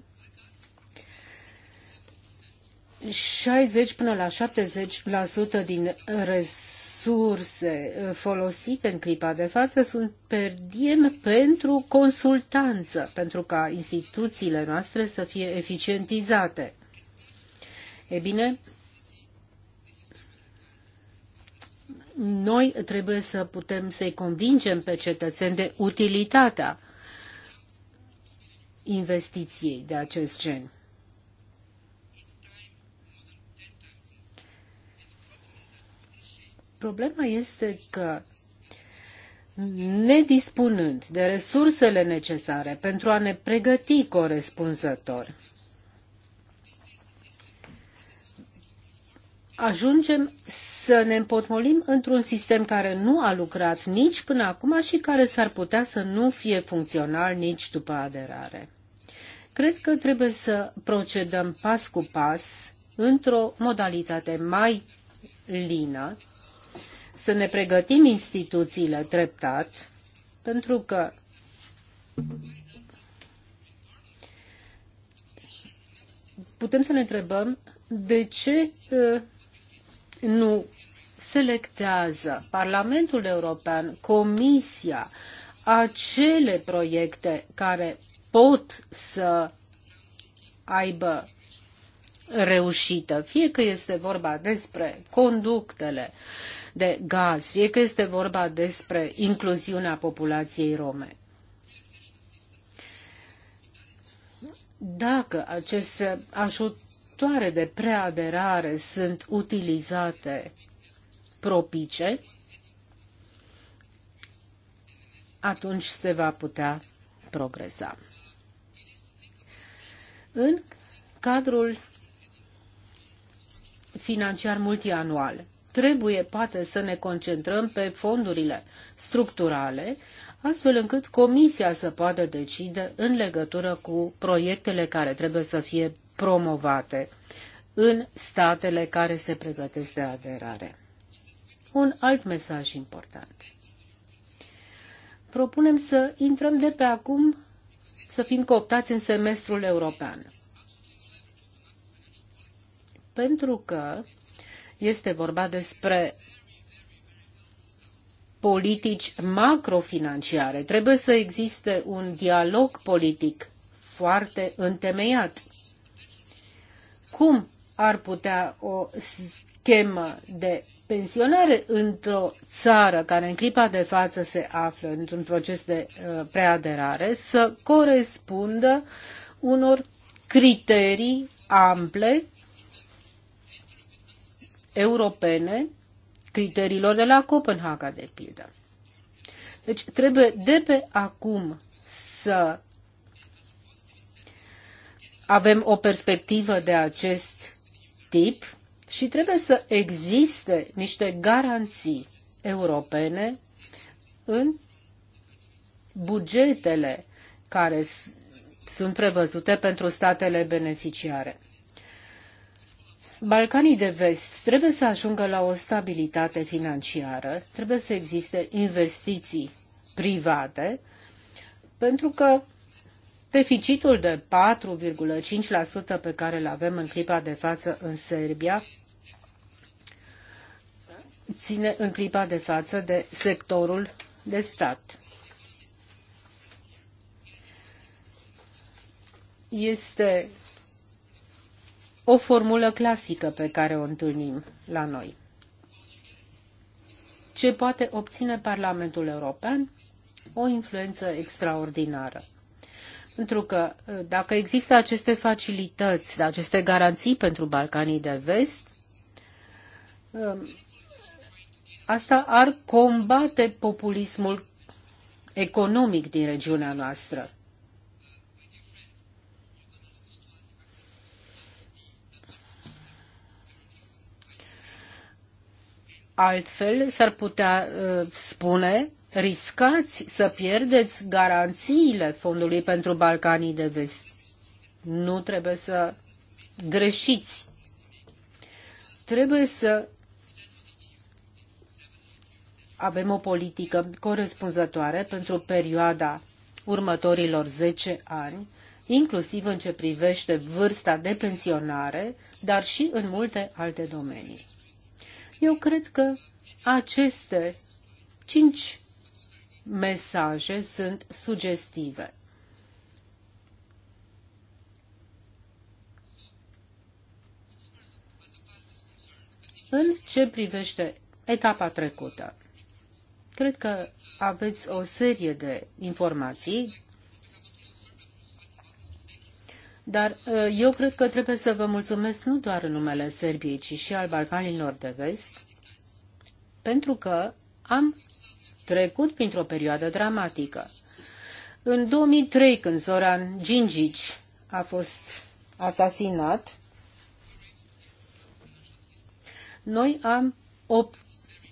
60 până la 70% din resurse folosite în clipa de față sunt perdiem pentru consultanță, pentru ca instituțiile noastre să fie eficientizate. E bine, noi trebuie să putem să-i convingem pe cetățeni de utilitatea investiției de acest gen. Problema este că nedispunând de resursele necesare pentru a ne pregăti corespunzător, ajungem să ne împotmolim într-un sistem care nu a lucrat nici până acum și care s-ar putea să nu fie funcțional nici după aderare. Cred că trebuie să procedăm pas cu pas într-o modalitate mai lină, să ne pregătim instituțiile treptat, pentru că putem să ne întrebăm de ce uh, nu selectează Parlamentul European, Comisia, acele proiecte care pot să aibă reușită, fie că este vorba despre conductele de gaz, fie că este vorba despre incluziunea populației rome. Dacă acest ajutor factoare de preaderare sunt utilizate propice, atunci se va putea progresa. În cadrul financiar multianual, trebuie poate să ne concentrăm pe fondurile structurale, astfel încât Comisia să poată decide în legătură cu proiectele care trebuie să fie promovate în statele care se pregătesc de aderare. Un alt mesaj important. Propunem să intrăm de pe acum, să fim cooptați în semestrul european. Pentru că este vorba despre politici macrofinanciare. Trebuie să existe un dialog politic foarte întemeiat cum ar putea o schemă de pensionare într-o țară care în clipa de față se află într-un proces de uh, preaderare să corespundă unor criterii ample europene, criteriilor de la Copenhaga, de pildă. Deci trebuie de pe acum să avem o perspectivă de acest tip și trebuie să existe niște garanții europene în bugetele care sunt prevăzute pentru statele beneficiare. Balcanii de vest trebuie să ajungă la o stabilitate financiară, trebuie să existe investiții private, pentru că Deficitul de 4,5% pe care îl avem în clipa de față în Serbia ține în clipa de față de sectorul de stat. Este o formulă clasică pe care o întâlnim la noi. Ce poate obține Parlamentul European? O influență extraordinară. Pentru că uh, dacă există aceste facilități, aceste garanții pentru Balcanii de Vest, um, asta ar combate populismul economic din regiunea noastră. Altfel, s-ar putea uh, spune riscați să pierdeți garanțiile Fondului pentru Balcanii de Vest. Nu trebuie să greșiți. Trebuie să avem o politică corespunzătoare pentru perioada următorilor 10 ani, inclusiv în ce privește vârsta de pensionare, dar și în multe alte domenii. Eu cred că aceste cinci mesaje sunt sugestive. În ce privește etapa trecută, cred că aveți o serie de informații, dar ă, eu cred că trebuie să vă mulțumesc nu doar în numele Serbiei, ci și al Balcanilor de Vest, pentru că am trecut printr-o perioadă dramatică. În 2003, când Zoran Gingic a fost asasinat, noi am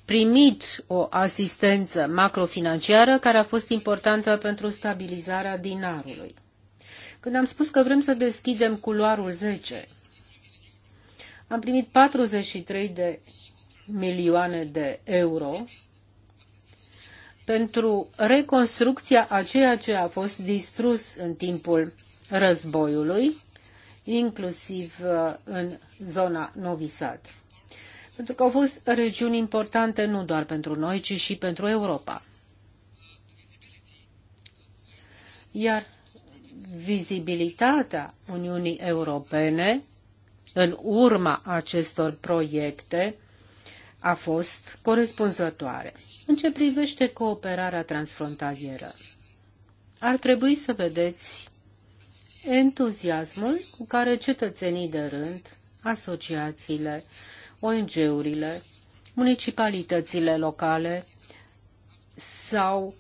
primit o asistență macrofinanciară care a fost importantă pentru stabilizarea dinarului. Când am spus că vrem să deschidem culoarul 10, am primit 43 de milioane de euro pentru reconstrucția a ceea ce a fost distrus în timpul războiului, inclusiv uh, în zona Novi Sad. Pentru că au fost regiuni importante nu doar pentru noi, ci și pentru Europa. Iar vizibilitatea Uniunii Europene în urma acestor proiecte a fost corespunzătoare. În ce privește cooperarea transfrontalieră, ar trebui să vedeți entuziasmul cu care cetățenii de rând, asociațiile, ONG-urile, municipalitățile locale s-au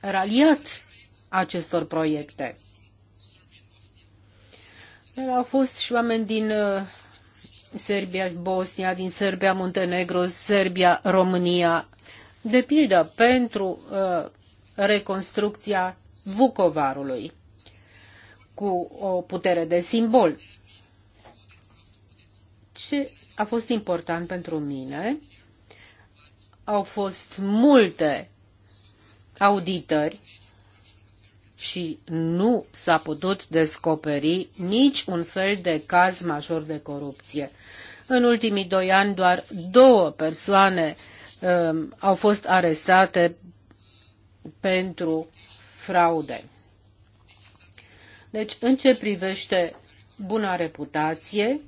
raliat acestor proiecte. Au fost și oameni din uh, Serbia, Bosnia, din Serbia, Muntenegro, Serbia, România, de pildă pentru uh, reconstrucția Vucovarului cu o putere de simbol. Ce a fost important pentru mine au fost multe auditări și nu s-a putut descoperi nici un fel de caz major de corupție. În ultimii doi ani, doar două persoane um, au fost arestate pentru fraude. Deci, în ce privește buna reputație,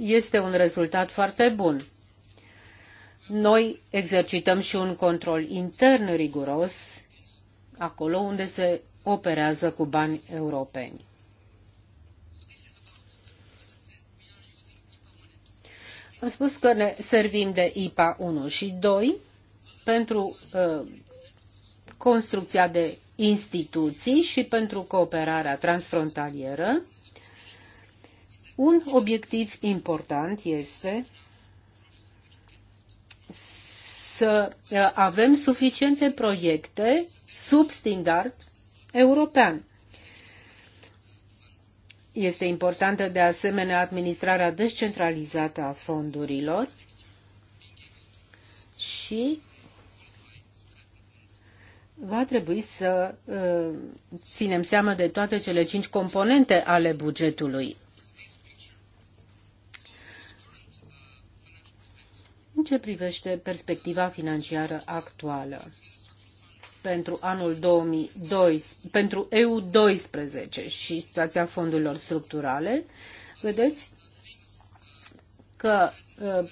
este un rezultat foarte bun. Noi exercităm și un control intern riguros acolo unde se operează cu bani europeni. Am spus că ne servim de IPA 1 și 2 pentru uh, construcția de instituții și pentru cooperarea transfrontalieră. Un obiectiv important este să uh, avem suficiente proiecte sub standard european. Este importantă de asemenea administrarea descentralizată a fondurilor și va trebui să uh, ținem seama de toate cele cinci componente ale bugetului. în ce privește perspectiva financiară actuală pentru anul 2012, pentru EU12 și situația fondurilor structurale, vedeți că uh,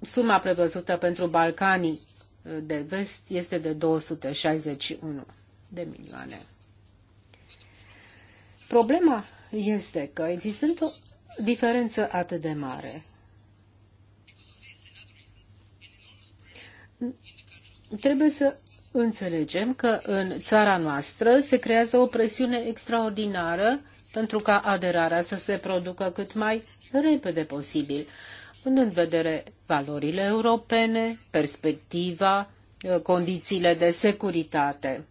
suma prevăzută pentru Balcanii uh, de vest este de 261 de milioane. Problema este că există o diferență atât de mare trebuie să înțelegem că în țara noastră se creează o presiune extraordinară pentru ca aderarea să se producă cât mai repede posibil, în vedere valorile europene, perspectiva, eh, condițiile de securitate.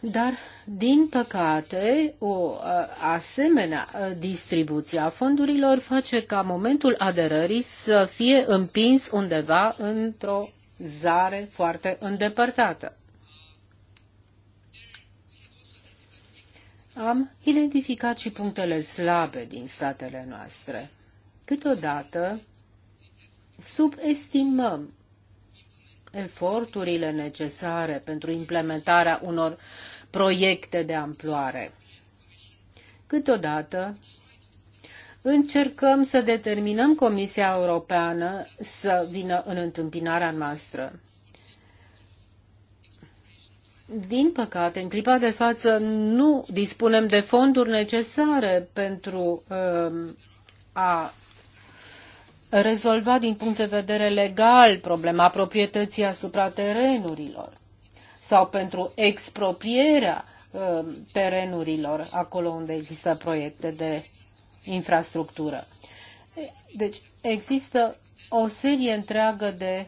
dar, din păcate, o asemenea distribuție a fondurilor face ca momentul aderării să fie împins undeva într-o zare foarte îndepărtată. Am identificat și punctele slabe din statele noastre. Câteodată subestimăm eforturile necesare pentru implementarea unor proiecte de amploare. Câteodată încercăm să determinăm Comisia Europeană să vină în întâmpinarea noastră. Din păcate, în clipa de față nu dispunem de fonduri necesare pentru uh, a rezolva din punct de vedere legal problema proprietății asupra terenurilor sau pentru exproprierea ă, terenurilor acolo unde există proiecte de infrastructură. Deci există o serie întreagă de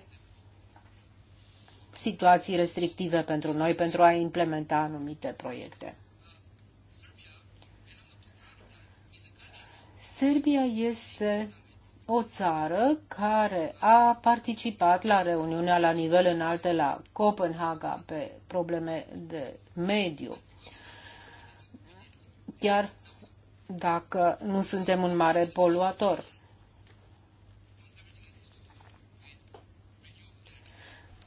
situații restrictive pentru noi pentru a implementa anumite proiecte. Serbia este o țară care a participat la reuniunea la nivel înalt la Copenhaga pe probleme de mediu. Chiar dacă nu suntem un mare poluator.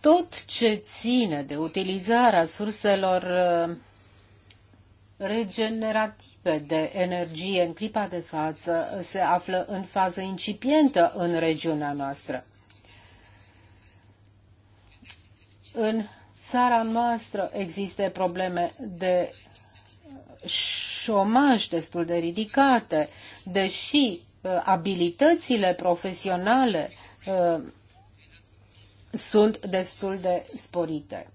Tot ce ține de utilizarea surselor uh, regenerative de energie în clipa de față se află în fază incipientă în regiunea noastră. În țara noastră există probleme de șomaj destul de ridicate, deși uh, abilitățile profesionale uh, sunt destul de sporite.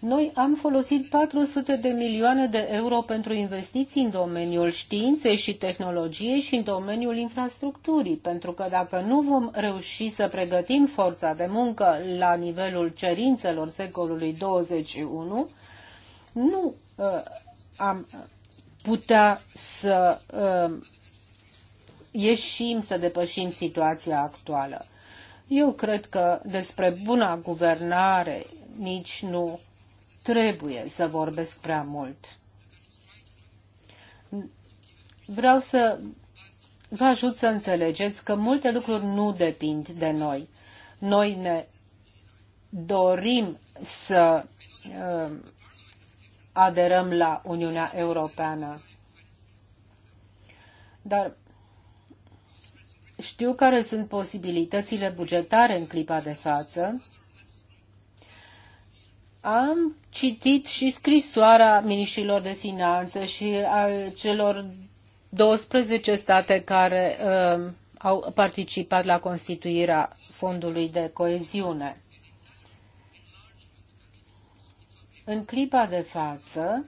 Noi am folosit 400 de milioane de euro pentru investiții în domeniul științei și tehnologiei și în domeniul infrastructurii, pentru că dacă nu vom reuși să pregătim forța de muncă la nivelul cerințelor secolului 21, nu uh, am putea să uh, ieșim, să depășim situația actuală. Eu cred că despre buna guvernare nici nu trebuie să vorbesc prea mult. Vreau să vă ajut să înțelegeți că multe lucruri nu depind de noi. Noi ne dorim să uh, aderăm la Uniunea Europeană. Dar știu care sunt posibilitățile bugetare în clipa de față. Am citit și scrisoarea miniștrilor de finanțe și a celor 12 state care uh, au participat la constituirea fondului de coeziune. În clipa de față,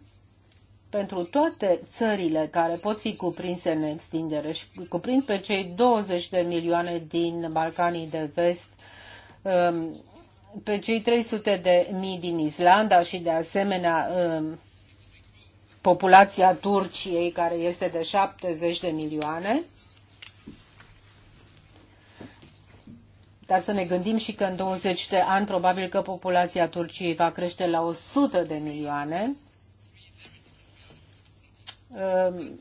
pentru toate țările care pot fi cuprinse în extindere și cuprind pe cei 20 de milioane din Balcanii de Vest, um, pe cei 300 de mii din Islanda și de asemenea um, populația Turciei care este de 70 de milioane. Dar să ne gândim și că în 20 de ani probabil că populația Turciei va crește la 100 de milioane. Um,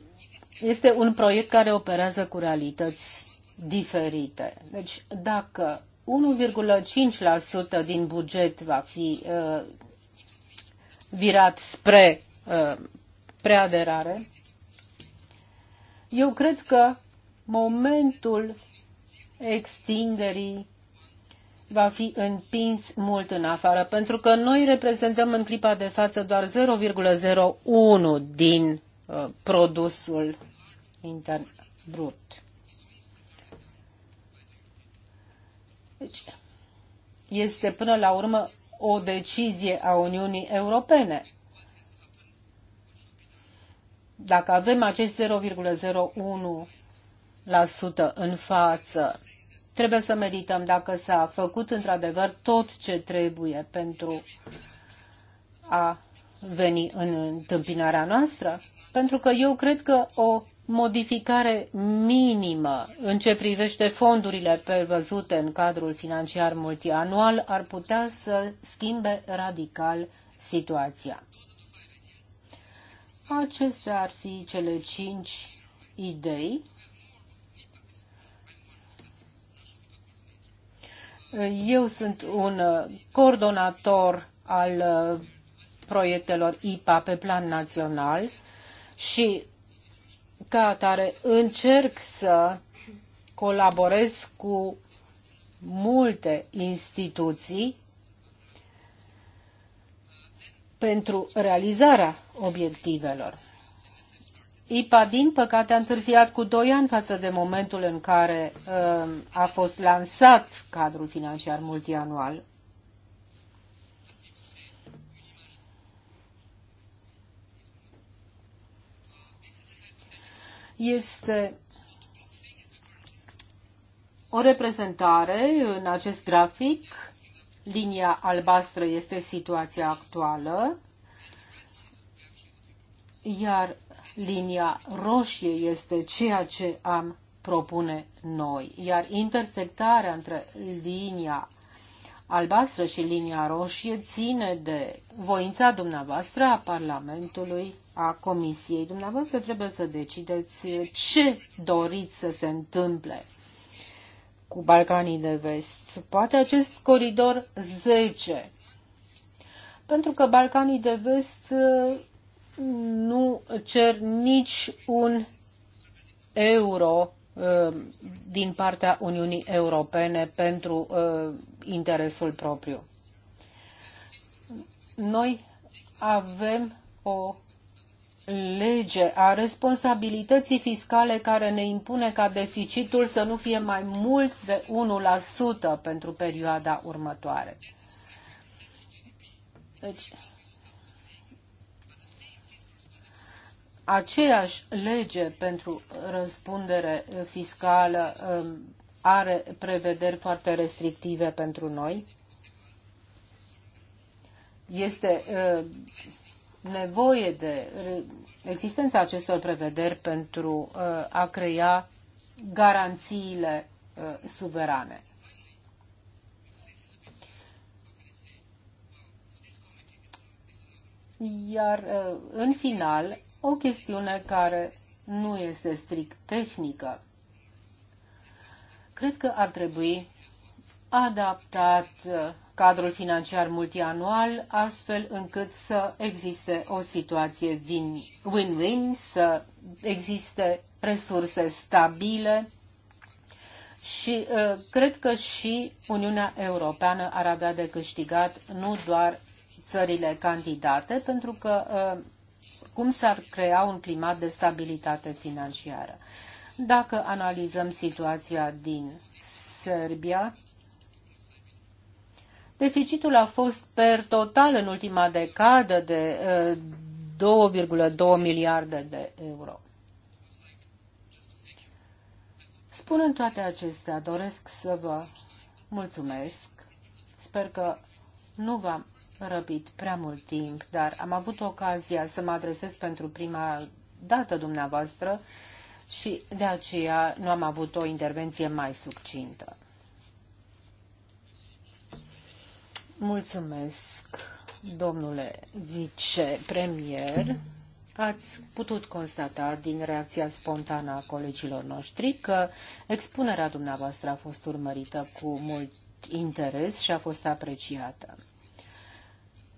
este un proiect care operează cu realități diferite. Deci dacă 1,5% din buget va fi uh, virat spre uh, preaderare. Eu cred că momentul extinderii va fi împins mult în afară, pentru că noi reprezentăm în clipa de față doar 0,01 din uh, produsul intern brut. Deci este până la urmă o decizie a Uniunii Europene. Dacă avem acest 0,01% în față, trebuie să medităm dacă s-a făcut într-adevăr tot ce trebuie pentru a veni în întâmpinarea noastră, pentru că eu cred că o modificare minimă în ce privește fondurile prevăzute în cadrul financiar multianual ar putea să schimbe radical situația. Acestea ar fi cele cinci idei. Eu sunt un coordonator al proiectelor IPA pe plan național și ca atare încerc să colaborez cu multe instituții pentru realizarea obiectivelor. IPA, din păcate, a întârziat cu 2 ani față de momentul în care uh, a fost lansat cadrul financiar multianual. este o reprezentare în acest grafic. Linia albastră este situația actuală, iar linia roșie este ceea ce am propune noi, iar intersectarea între linia albastră și linia roșie ține de voința dumneavoastră a Parlamentului, a Comisiei. Dumneavoastră trebuie să decideți ce doriți să se întâmple cu Balcanii de Vest. Poate acest coridor 10. Pentru că Balcanii de Vest uh, nu cer nici un euro Uh, din partea Uniunii Europene pentru uh, interesul propriu. Noi avem o lege a responsabilității fiscale care ne impune ca deficitul să nu fie mai mult de 1% pentru perioada următoare. Deci, aceeași lege pentru răspundere fiscală um, are prevederi foarte restrictive pentru noi. Este uh, nevoie de existența acestor prevederi pentru uh, a crea garanțiile uh, suverane. Iar în final, o chestiune care nu este strict tehnică. Cred că ar trebui adaptat uh, cadrul financiar multianual astfel încât să existe o situație win-win, să existe resurse stabile și uh, cred că și Uniunea Europeană ar avea de câștigat nu doar țările candidate, pentru că uh, cum s-ar crea un climat de stabilitate financiară. Dacă analizăm situația din Serbia, deficitul a fost per total în ultima decadă de 2,2 uh, miliarde de euro. Spunând toate acestea, doresc să vă mulțumesc. Sper că nu v-am răbit prea mult timp, dar am avut ocazia să mă adresez pentru prima dată dumneavoastră și de aceea nu am avut o intervenție mai succintă. Mulțumesc, domnule vicepremier. Ați putut constata din reacția spontană a colegilor noștri că expunerea dumneavoastră a fost urmărită cu mult interes și a fost apreciată.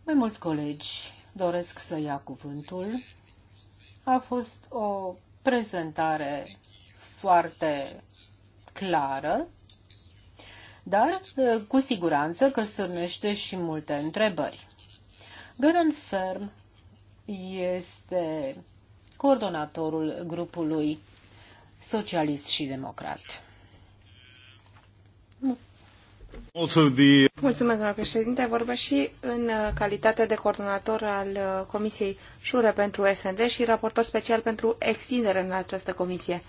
Mai mulți colegi doresc să ia cuvântul. A fost o prezentare foarte clară, dar cu siguranță că sârnește și multe întrebări. Gărân Ferm este coordonatorul grupului socialist și democrat. Mulțumesc, doamnă președinte. Vorbesc și în uh, calitate de coordonator al uh, Comisiei Șură pentru SND și raportor special pentru extindere în această comisie.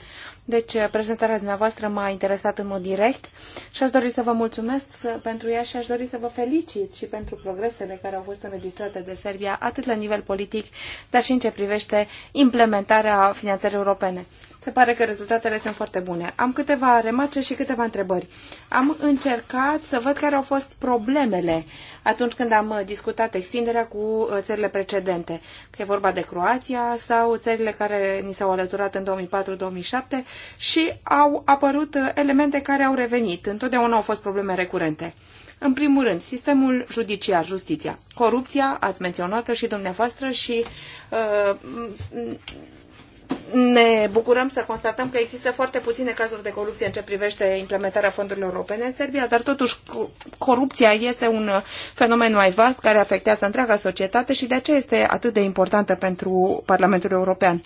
Deci, uh, prezentarea dumneavoastră m-a interesat în mod direct și aș dori să vă mulțumesc pentru ea și aș dori să vă felicit și pentru progresele care au fost înregistrate de Serbia, atât la nivel politic, dar și în ce privește implementarea finanțării europene. Se pare că rezultatele sunt foarte bune. Am câteva remarce și câteva întrebări. Am încercat încercat să văd care au fost problemele atunci când am uh, discutat extinderea cu uh, țările precedente, că e vorba de Croația sau țările care ni s-au alăturat în 2004-2007 și au apărut uh, elemente care au revenit. Întotdeauna au fost probleme recurente. În primul rând, sistemul judiciar, justiția. Corupția, ați menționat-o și dumneavoastră și uh, ne bucurăm să constatăm că există foarte puține cazuri de corupție în ce privește implementarea fondurilor europene în Serbia, dar totuși corupția este un uh, fenomen mai vast care afectează întreaga societate și de aceea este atât de importantă pentru Parlamentul European. Uh,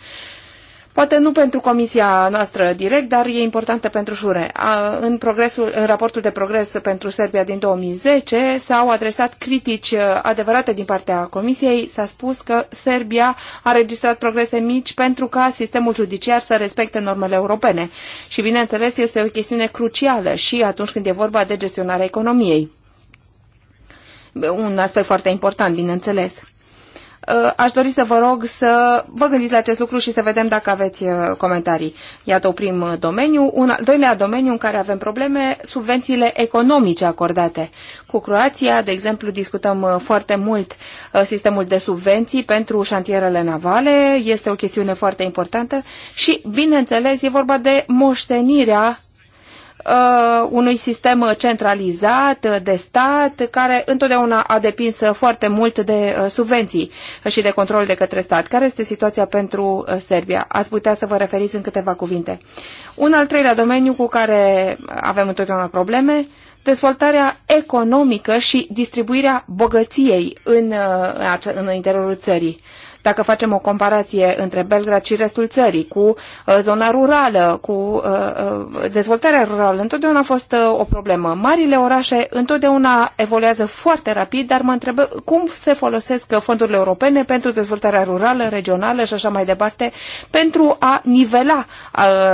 Poate nu pentru comisia noastră direct, dar e importantă pentru șure. În, progresul, în raportul de progres pentru Serbia din 2010 s-au adresat critici uh, adevărate din partea comisiei. S-a spus că Serbia a registrat progrese mici pentru ca sistemul judiciar să respecte normele europene. Și bineînțeles este o chestiune crucială și atunci când e vorba de gestionarea economiei. Un aspect foarte important, bineînțeles. Uh, aș dori să vă rog să vă gândiți la acest lucru și să vedem dacă aveți uh, comentarii. Iată, oprim uh, domeniu. Un al doilea domeniu în care avem probleme, subvențiile economice acordate. Cu Croația, de exemplu, discutăm foarte mult sistemul de subvenții pentru șantierele navale. Este o chestiune foarte importantă și, bineînțeles, e vorba de moștenirea uh, unui sistem centralizat uh, de stat, care întotdeauna a depins uh, foarte mult de uh, subvenții și de control de către stat. Care este situația pentru uh, Serbia? Ați putea să vă referiți în câteva cuvinte. Un al treilea domeniu cu care avem întotdeauna probleme, dezvoltarea economică și distribuirea bogăției în, uh, în interiorul țării. Uh, dacă facem o comparație între Belgrad și restul țării, cu uh, zona rurală, cu uh, uh, dezvoltarea rurală, întotdeauna a fost o problemă. Marile orașe întotdeauna evoluează foarte rapid, dar mă întreb cum se folosesc fondurile europene pentru dezvoltarea rurală, regională și așa mai departe, pentru a nivela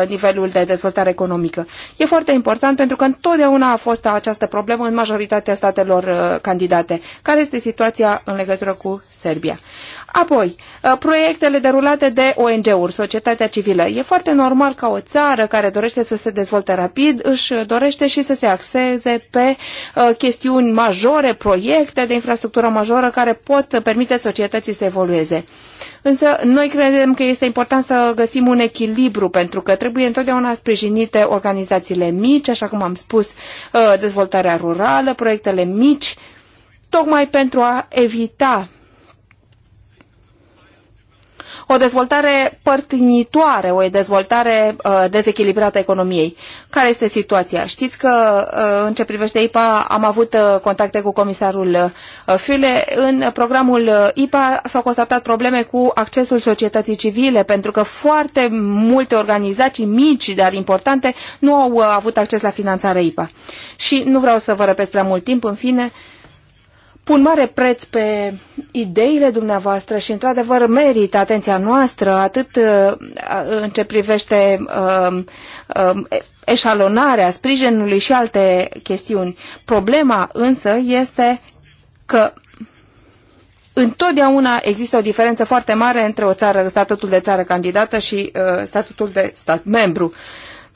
nivelul de dezvoltare economică. E foarte important pentru că întotdeauna a fost această problemă în majoritatea statelor candidate. Care este situația în legătură cu Serbia? Apoi, uh, proiectele derulate de ONG-uri, societatea civilă. E foarte normal ca o țară care dorește să se dezvolte rapid își dorește și să se axeze pe uh, chestiuni majore, proiecte de infrastructură majoră care pot permite societății să evolueze. Însă, noi credem că este important să găsim un echilibru, pentru că trebuie întotdeauna sprijinite organizațiile mici, așa cum am spus, uh, dezvoltarea rurală, proiectele mici, tocmai pentru a evita o dezvoltare părtinitoare, o dezvoltare uh, dezechilibrată a economiei. Care este situația? Știți că uh, în ce privește IPA am avut uh, contacte cu comisarul uh, Fiule. În programul uh, IPA s-au constatat probleme cu accesul societății civile, pentru că foarte multe organizații mici, dar importante, nu au uh, avut acces la finanțare IPA. Și nu vreau să vă răpesc prea mult timp, în fine, uh, pun mare preț pe ideile dumneavoastră și, într-adevăr, merită atenția noastră, atât uh, în ce privește uh, uh, eșalonarea sprijinului și alte chestiuni. Problema însă este că întotdeauna există o diferență foarte mare între o țară, statutul de țară candidată și statutul de stat membru. Uh,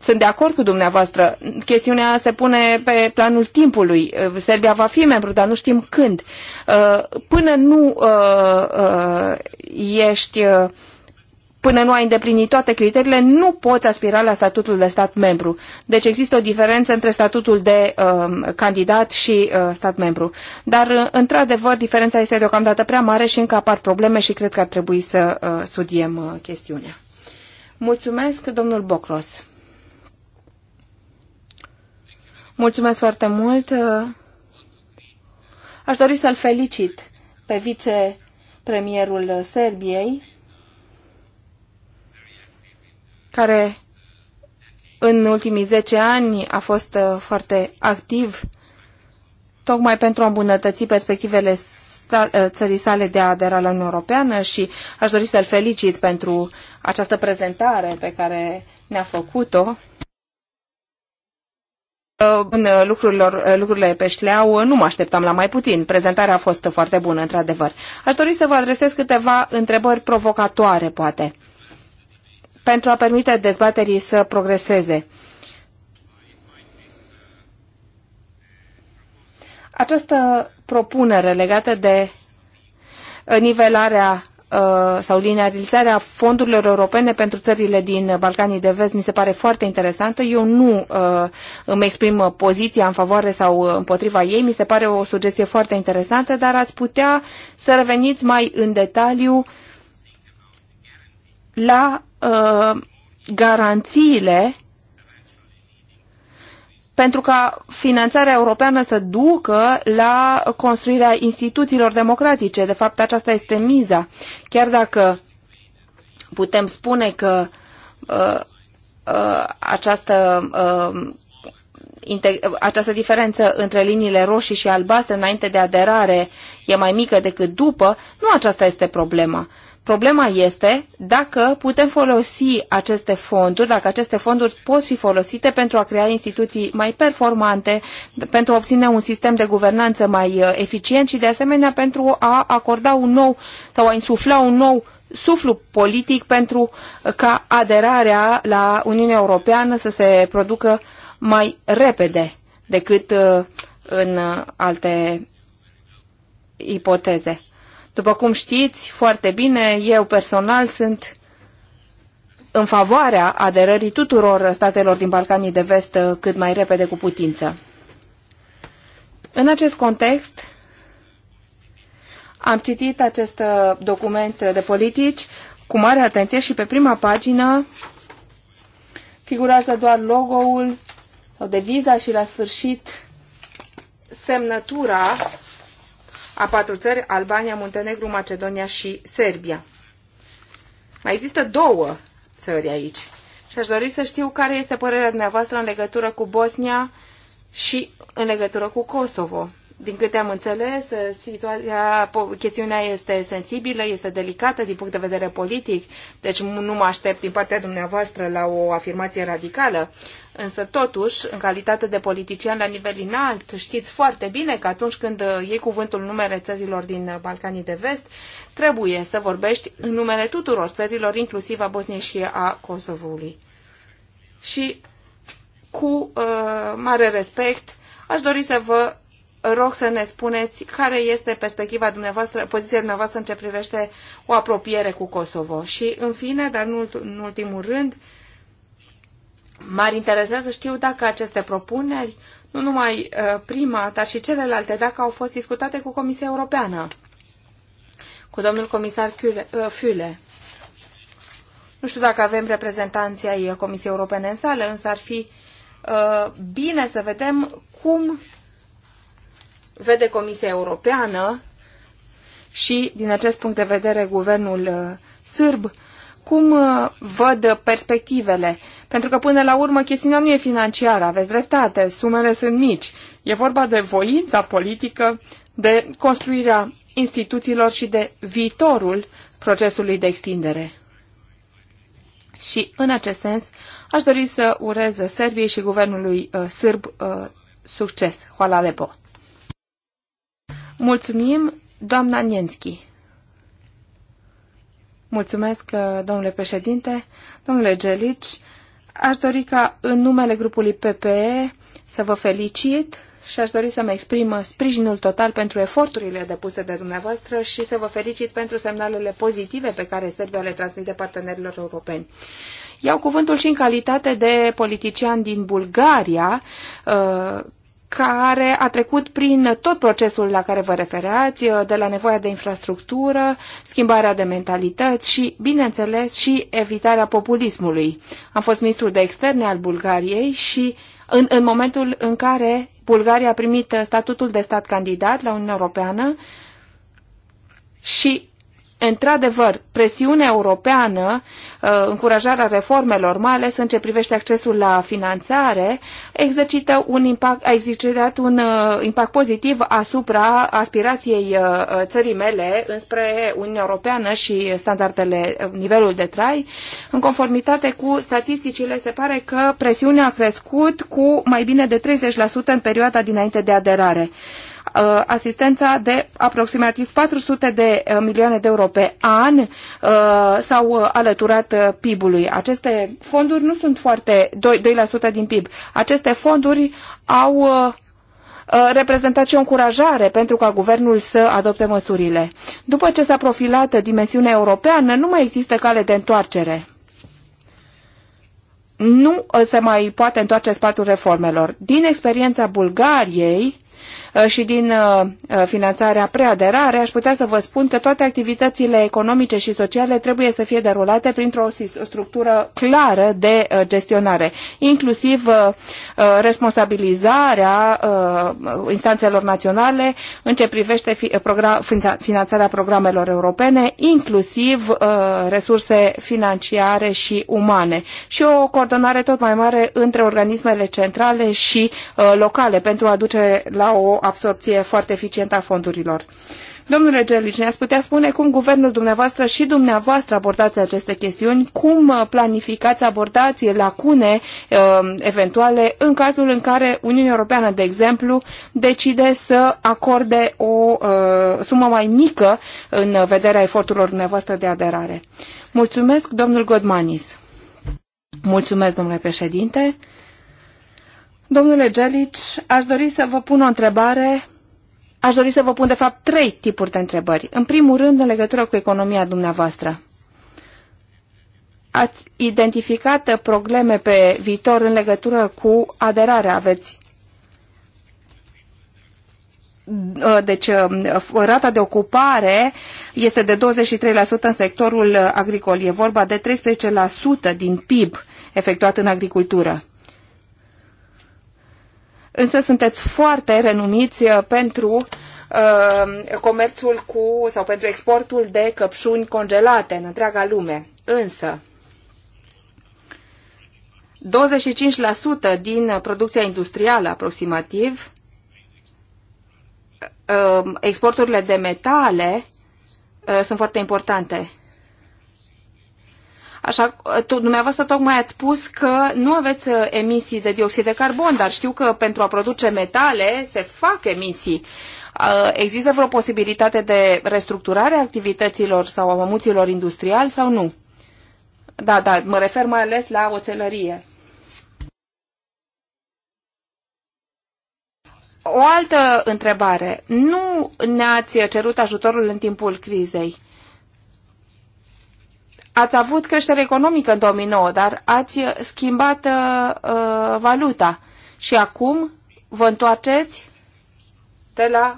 sunt de acord cu dumneavoastră. Chestiunea se pune pe planul timpului. Uh, Serbia va fi membru, dar nu știm când. Uh, până nu uh, ești până nu ai îndeplinit toate criteriile, nu poți aspira la statutul de stat membru. Deci există o diferență între statutul de uh, candidat și uh, stat membru. Dar, uh, într-adevăr, diferența este deocamdată prea mare și încă apar probleme și cred că ar trebui să uh, studiem uh, chestiunea. Mulțumesc, domnul Bocros. Mulțumesc foarte mult. Aș dori să-l felicit pe vicepremierul Serbiei, care în ultimii 10 ani a fost uh, foarte activ tocmai pentru a îmbunătăți perspectivele uh, țării sale de a adera la Uniunea Europeană și aș dori să-l felicit pentru această prezentare pe care ne-a făcut-o Uh, în uh, lucrurilor, uh, lucrurile pe șleau nu mă așteptam la mai puțin. Prezentarea a fost foarte bună, într-adevăr. Aș dori să vă adresez câteva întrebări provocatoare, poate, pentru a permite dezbaterii să progreseze. Această propunere legată de nivelarea Uh, sau linearizarea fondurilor europene pentru țările din Balcanii de Vest mi se pare foarte interesantă. Eu nu uh, îmi exprim poziția în favoare sau împotriva ei. Mi se pare o sugestie foarte interesantă, dar ați putea să reveniți mai în detaliu la uh, garanțiile pentru ca finanțarea europeană să ducă la construirea instituțiilor democratice. De fapt, aceasta este miza. Chiar dacă putem spune că uh, uh, această uh, această diferență între liniile roșii și albastre înainte de aderare e mai mică decât după, nu aceasta este problema. Problema este dacă putem folosi aceste fonduri, dacă aceste fonduri pot fi folosite pentru a crea instituții mai performante, pentru a obține un sistem de guvernanță mai uh, eficient și de asemenea pentru a acorda un nou sau a insufla un nou suflu politic pentru uh, ca aderarea la Uniunea Europeană să se producă mai repede decât uh, în alte ipoteze. După cum știți foarte bine, eu personal sunt în favoarea aderării tuturor statelor din Balcanii de Vest uh, cât mai repede cu putință. În acest context, am citit acest uh, document de politici cu mare atenție și pe prima pagină figurează doar logo-ul sau deviza și la sfârșit semnătura a patru țări, Albania, Muntenegru, Macedonia și Serbia. Mai există două țări aici. Și aș dori să știu care este părerea dumneavoastră în legătură cu Bosnia și în legătură cu Kosovo. Din câte am înțeles, situația, chestiunea este sensibilă, este delicată din punct de vedere politic, deci nu mă aștept din partea dumneavoastră la o afirmație radicală, Însă, totuși, în calitate de politician la nivel înalt, știți foarte bine că atunci când uh, iei cuvântul numele țărilor din uh, Balcanii de Vest, trebuie să vorbești în numele tuturor țărilor, inclusiv a Bosniei și a Kosovului. Și cu uh, mare respect, aș dori să vă rog să ne spuneți care este perspectiva dumneavoastră, poziția dumneavoastră în ce privește o apropiere cu Kosovo. Și, în fine, dar nu în ultimul rând, uh, M-ar interesa să știu dacă aceste propuneri, nu numai uh, prima, dar și celelalte, dacă au fost discutate cu Comisia Europeană, cu domnul comisar uh, Füle. Nu știu dacă avem reprezentanții ai Comisiei Europene în sală, însă ar fi uh, bine să vedem cum vede Comisia Europeană și, din acest punct de vedere, guvernul uh, sârb cum uh, văd perspectivele? Pentru că până la urmă chestiunea nu e financiară, aveți dreptate, sumele sunt mici. E vorba de voința politică, de construirea instituțiilor și de viitorul procesului de extindere. Și în acest sens aș dori să urez Serbiei și guvernului uh, sârb uh, succes. Hoala Lepo! Mulțumim, doamna Nienski! Mulțumesc, uh, domnule președinte. Domnule Gelici, aș dori ca în numele grupului PPE să vă felicit și aș dori să-mi exprim uh, sprijinul total pentru eforturile depuse de dumneavoastră și să vă felicit pentru semnalele pozitive pe care Serbia le transmite partenerilor europeni. Iau cuvântul și în calitate de politician din Bulgaria, uh, care a trecut prin tot procesul la care vă refereați, uh, de la nevoia de infrastructură, schimbarea de mentalități și, bineînțeles, și evitarea populismului. Am fost ministrul de externe al Bulgariei și în, în momentul în care Bulgaria a primit statutul de stat candidat la Uniunea Europeană și într-adevăr, presiunea europeană, uh, încurajarea reformelor, mai ales în ce privește accesul la finanțare, exercită un impact, a exercitat un uh, impact pozitiv asupra aspirației uh, țării mele înspre Uniunea Europeană și standardele, nivelul de trai. În conformitate cu statisticile, se pare că presiunea a crescut cu mai bine de 30% în perioada dinainte de aderare. Uh, asistența de aproximativ 400 de uh, milioane de euro pe an uh, s-au alăturat PIB-ului. Aceste fonduri nu sunt foarte 2%, 2% din PIB. Aceste fonduri au reprezentat și o încurajare pentru ca guvernul să adopte măsurile. După ce s-a profilat dimensiunea europeană, nu mai există cale de întoarcere nu se mai poate întoarce spatul reformelor. Din experiența Bulgariei, Uh, și din uh, uh, finanțarea preaderare, aș putea să vă spun că toate activitățile economice și sociale trebuie să fie derulate printr-o structură clară de gestionare, inclusiv responsabilizarea instanțelor naționale în ce privește finanțarea programelor europene, inclusiv resurse financiare și umane și o coordonare tot mai mare între organismele centrale și locale pentru a duce la o absorpție foarte eficientă a fondurilor. Domnule Gerlici, ne-ați putea spune cum guvernul dumneavoastră și dumneavoastră abordați aceste chestiuni, cum uh, planificați, abordați lacune uh, eventuale în cazul în care Uniunea Europeană, de exemplu, decide să acorde o uh, sumă mai mică în vederea eforturilor dumneavoastră de aderare. Mulțumesc, domnul Godmanis. Mulțumesc, domnule președinte. Domnule Gelici, aș dori să vă pun o întrebare. Aș dori să vă pun, de fapt, trei tipuri de întrebări. În primul rând, în legătură cu economia dumneavoastră. Ați identificat probleme pe viitor în legătură cu aderarea? Aveți deci rata de ocupare este de 23% în sectorul agricol. E vorba de 13% din PIB efectuat în agricultură însă sunteți foarte renumiți uh, pentru uh, comerțul cu sau pentru exportul de căpșuni congelate în întreaga lume. Însă, 25% din producția industrială aproximativ, uh, exporturile de metale sunt foarte importante. Așa, tu, dumneavoastră tocmai ați spus că nu aveți uh, emisii de dioxid de carbon, dar știu că pentru a produce metale se fac emisii. Uh, există vreo posibilitate de restructurare a activităților sau a mămuților industriali sau nu? Da, da, mă refer mai ales la oțelărie. O altă întrebare. Nu ne-ați cerut ajutorul în timpul crizei ați avut creștere economică în 2009, dar ați schimbat uh, uh, valuta și acum vă întoarceți de la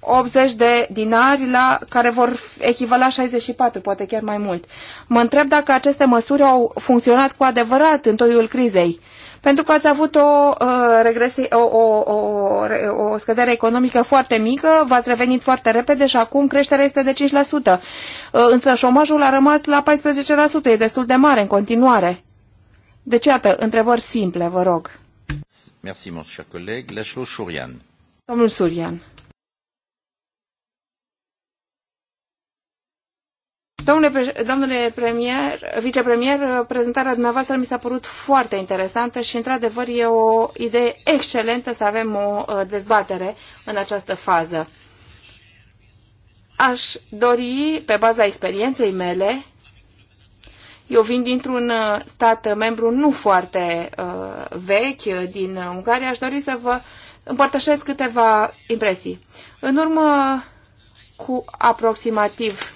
80 de dinari la, care vor echivala 64, poate chiar mai mult. Mă întreb dacă aceste măsuri au funcționat cu adevărat în toiul crizei. Pentru că ați avut o, uh, regresi, o, o, o, o scădere economică foarte mică, v-ați revenit foarte repede și acum creșterea este de 5%. Uh, însă șomajul a rămas la 14%, e destul de mare în continuare. Deci, iată, întrebări simple, vă rog. Mersi, mon cher coleg. Domnul Surian. Domnule, domnule premier, vicepremier, prezentarea dumneavoastră mi s-a părut foarte interesantă și, într-adevăr, e o idee excelentă să avem o uh, dezbatere în această fază. Aș dori, pe baza experienței mele, eu vin dintr-un uh, stat membru nu foarte uh, vechi uh, din Ungaria, aș dori să vă împărtășesc câteva impresii. În urmă cu aproximativ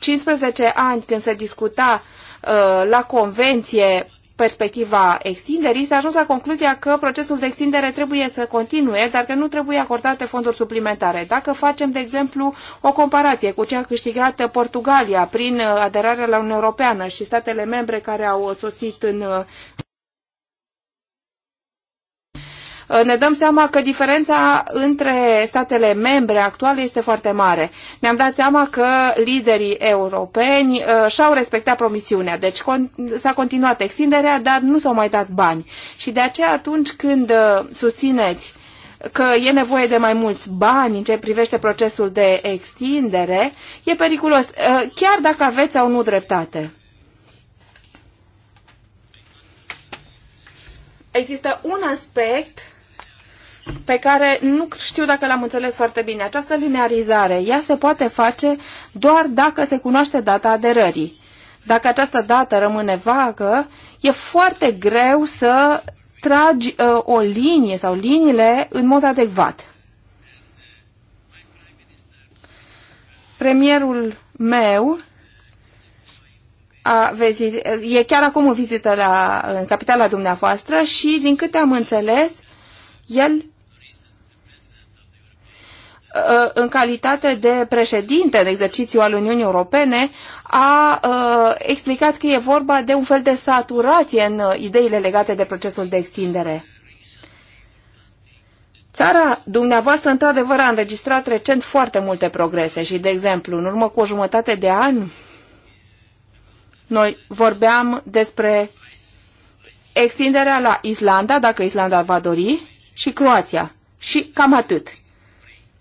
15 uh, ani când se discuta uh, la convenție perspectiva extinderii, s-a ajuns la concluzia că procesul de extindere trebuie să continue, dar că nu trebuie acordate fonduri suplimentare. Dacă facem, de exemplu, o comparație cu ce a Portugalia prin uh, aderarea la Uniunea Europeană și statele membre care au sosit în Uh, ne dăm seama că diferența între statele membre actuale este foarte mare. Ne-am dat seama că liderii europeni uh, și-au respectat promisiunea, deci s-a continuat extinderea, dar nu s-au mai dat bani. Și de aceea atunci când uh, susțineți că e nevoie de mai mulți bani în ce privește procesul de extindere, e periculos, chiar dacă aveți sau nu dreptate. Există un aspect pe care nu știu dacă l-am înțeles foarte bine. Această linearizare, ea se poate face doar dacă se cunoaște data aderării. Dacă această dată rămâne vagă, e foarte greu să tragi uh, o linie sau liniile în mod adecvat. Premierul meu a vizit, e chiar acum în vizită la, în capitala dumneavoastră și, din câte am înțeles, el Uh, în calitate de președinte în exercițiu al Uniunii Europene, a uh, explicat că e vorba de un fel de saturație în uh, ideile legate de procesul de extindere. Țara dumneavoastră, într-adevăr, a înregistrat recent foarte multe progrese și, de exemplu, în urmă cu o jumătate de an noi vorbeam despre extinderea la Islanda, dacă Islanda va dori, și Croația. Și cam atât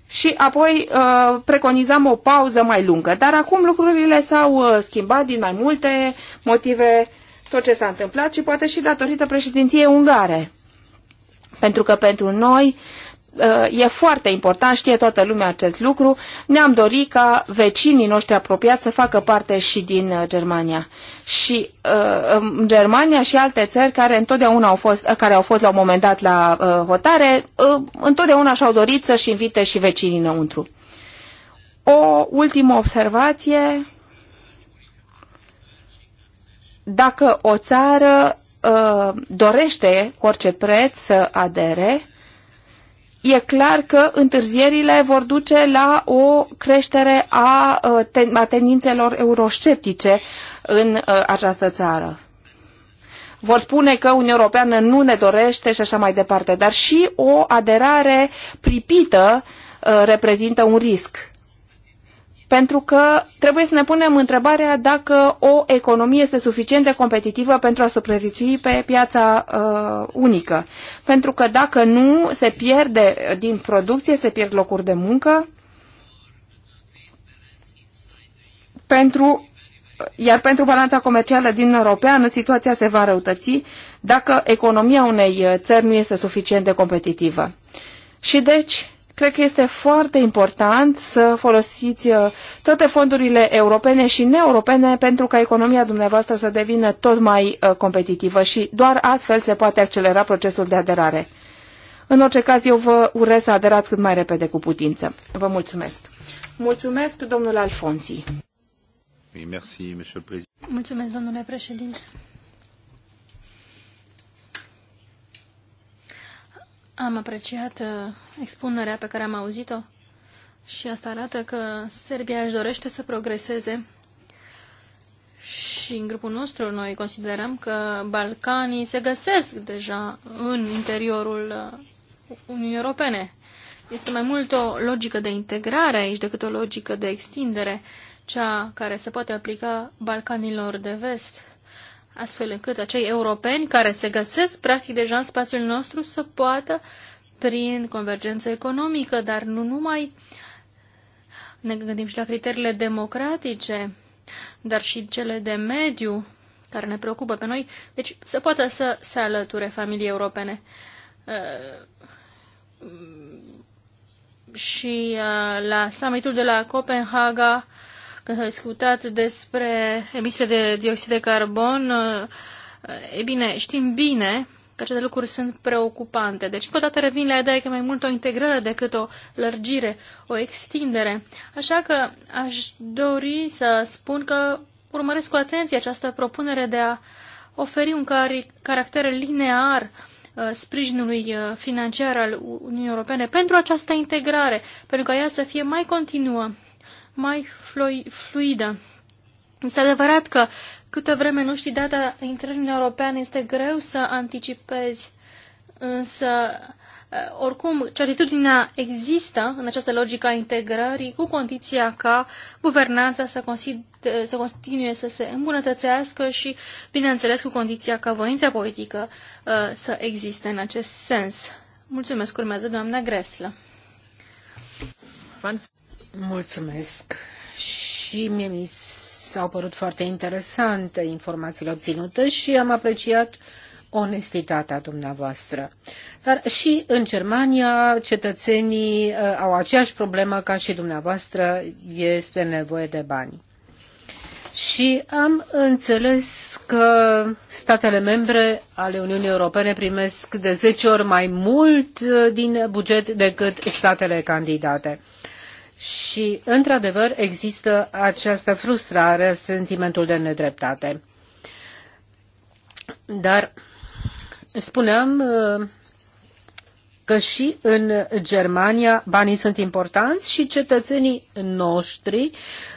și apoi uh, preconizam o pauză mai lungă. Dar acum lucrurile s-au uh, schimbat din mai multe motive, tot ce s-a întâmplat și poate și datorită președinției ungare. Pentru că pentru noi Uh, e foarte important, știe toată lumea acest lucru. Ne-am dorit ca vecinii noștri apropiați să facă parte și din uh, Germania. Și uh, um, Germania și alte țări care întotdeauna au fost, uh, care au fost la un moment dat la uh, hotare, uh, întotdeauna și-au dorit să-și invite și vecinii înăuntru. O ultimă observație. Dacă o țară dorește cu orice preț să adere, e clar că întârzierile vor duce la o creștere a, uh, a tendințelor eurosceptice în uh, această țară. Vor spune că Uniunea Europeană nu ne dorește și așa mai departe, dar și o aderare pripită uh, reprezintă un risc pentru că trebuie să ne punem întrebarea dacă o economie este suficient de competitivă pentru a supraviețui pe piața uh, unică. Pentru că dacă nu, se pierde din producție, se pierd locuri de muncă. Pentru, iar pentru balanța comercială din Europeană, situația se va răutăți dacă economia unei uh, țări nu este suficient de competitivă. Și deci, Cred că este foarte important să folosiți uh, toate fondurile europene și neeuropene pentru ca economia dumneavoastră să devină tot mai uh, competitivă și doar astfel se poate accelera procesul de aderare. În orice caz, eu vă urez să aderați cât mai repede cu putință. Vă mulțumesc. Mulțumesc, domnule Alfonsi. Mulțumesc, domnule președinte. Am apreciat uh, expunerea pe care am auzit-o și asta arată că Serbia își dorește să progreseze și în grupul nostru noi considerăm că Balcanii se găsesc deja în interiorul uh, Uniunii Europene. Este mai mult o logică de integrare aici decât o logică de extindere, cea care se poate aplica Balcanilor de vest astfel încât acei europeni care se găsesc practic deja în spațiul nostru să poată, prin convergență economică, dar nu numai, ne gândim și la criteriile democratice, dar și cele de mediu care ne preocupă pe noi, deci să poată să se alăture familii europene. Uh, și uh, la summitul de la Copenhaga când s-a discutat despre emisiile de dioxid de carbon, eh, e bine, știm bine că aceste lucruri sunt preocupante. Deci, încă o dată revin la ideea că mai mult o integrare decât o lărgire, o extindere. Așa că aș dori să spun că urmăresc cu atenție această propunere de a oferi un car caracter linear eh, sprijinului eh, financiar al Uniunii Europene pentru această integrare, pentru ca ea să fie mai continuă, mai fluidă. Este adevărat că câtă vreme nu știi data intrării în Europeană, este greu să anticipezi, însă eh, oricum, certitudinea există în această logică a integrării cu condiția ca guvernanța să, eh, să continue să se îmbunătățească și, bineînțeles, cu condiția ca voința politică uh, să existe în acest sens. Mulțumesc. Urmează doamna Greslă. Mulțumesc. Și mie mi s-au părut foarte interesante informațiile obținute și am apreciat onestitatea dumneavoastră. Dar și în Germania cetățenii uh, au aceeași problemă ca și dumneavoastră, este nevoie de bani. Și am înțeles că statele membre ale Uniunii Europene primesc de 10 ori mai mult uh, din buget decât statele candidate și, într-adevăr, există această frustrare, sentimentul de nedreptate. Dar spuneam uh, că și în Germania banii sunt importanți și cetățenii noștri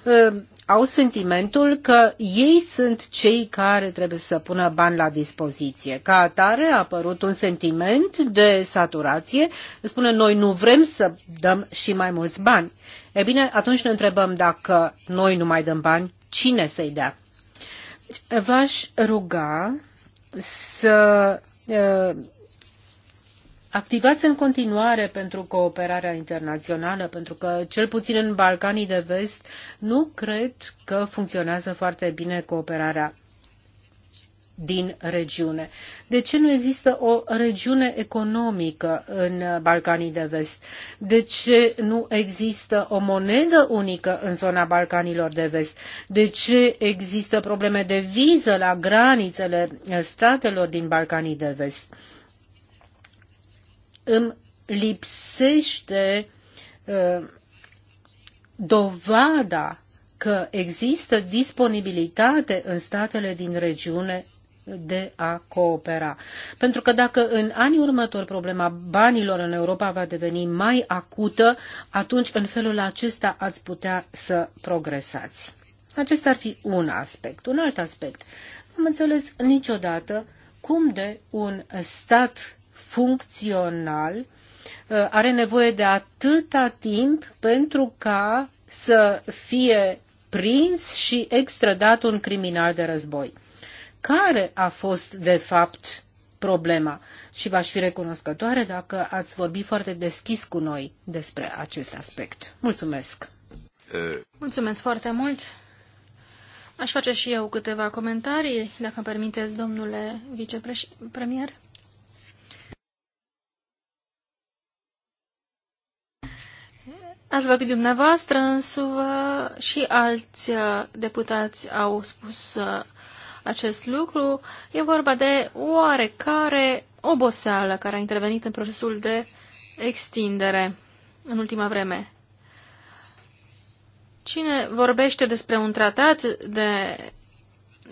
uh, au sentimentul că ei sunt cei care trebuie să pună bani la dispoziție. Ca atare a apărut un sentiment de saturație, spune noi nu vrem să dăm și mai mulți bani. E bine, atunci ne întrebăm dacă noi nu mai dăm bani, cine să-i dea? V-aș ruga să activați în continuare pentru cooperarea internațională, pentru că, cel puțin în Balcanii de Vest, nu cred că funcționează foarte bine cooperarea din regiune. De ce nu există o regiune economică în Balcanii de Vest? De ce nu există o monedă unică în zona Balcanilor de Vest? De ce există probleme de viză la granițele statelor din Balcanii de Vest? Îmi lipsește uh, dovada că există disponibilitate în statele din regiune de a coopera. Pentru că dacă în anii următori problema banilor în Europa va deveni mai acută, atunci în felul acesta ați putea să progresați. Acesta ar fi un aspect. Un alt aspect. Am înțeles niciodată cum de un stat funcțional uh, are nevoie de atâta timp pentru ca să fie prins și extradat un criminal de război care a fost de fapt problema și v-aș fi recunoscătoare dacă ați vorbi foarte deschis cu noi despre acest aspect. Mulțumesc! Mulțumesc foarte mult! Aș face și eu câteva comentarii, dacă îmi permiteți, domnule vicepremier. Ați vorbit dumneavoastră însuvă și alți uh, deputați au spus uh, acest lucru. E vorba de oarecare oboseală care a intervenit în procesul de extindere în ultima vreme. Cine vorbește despre un tratat de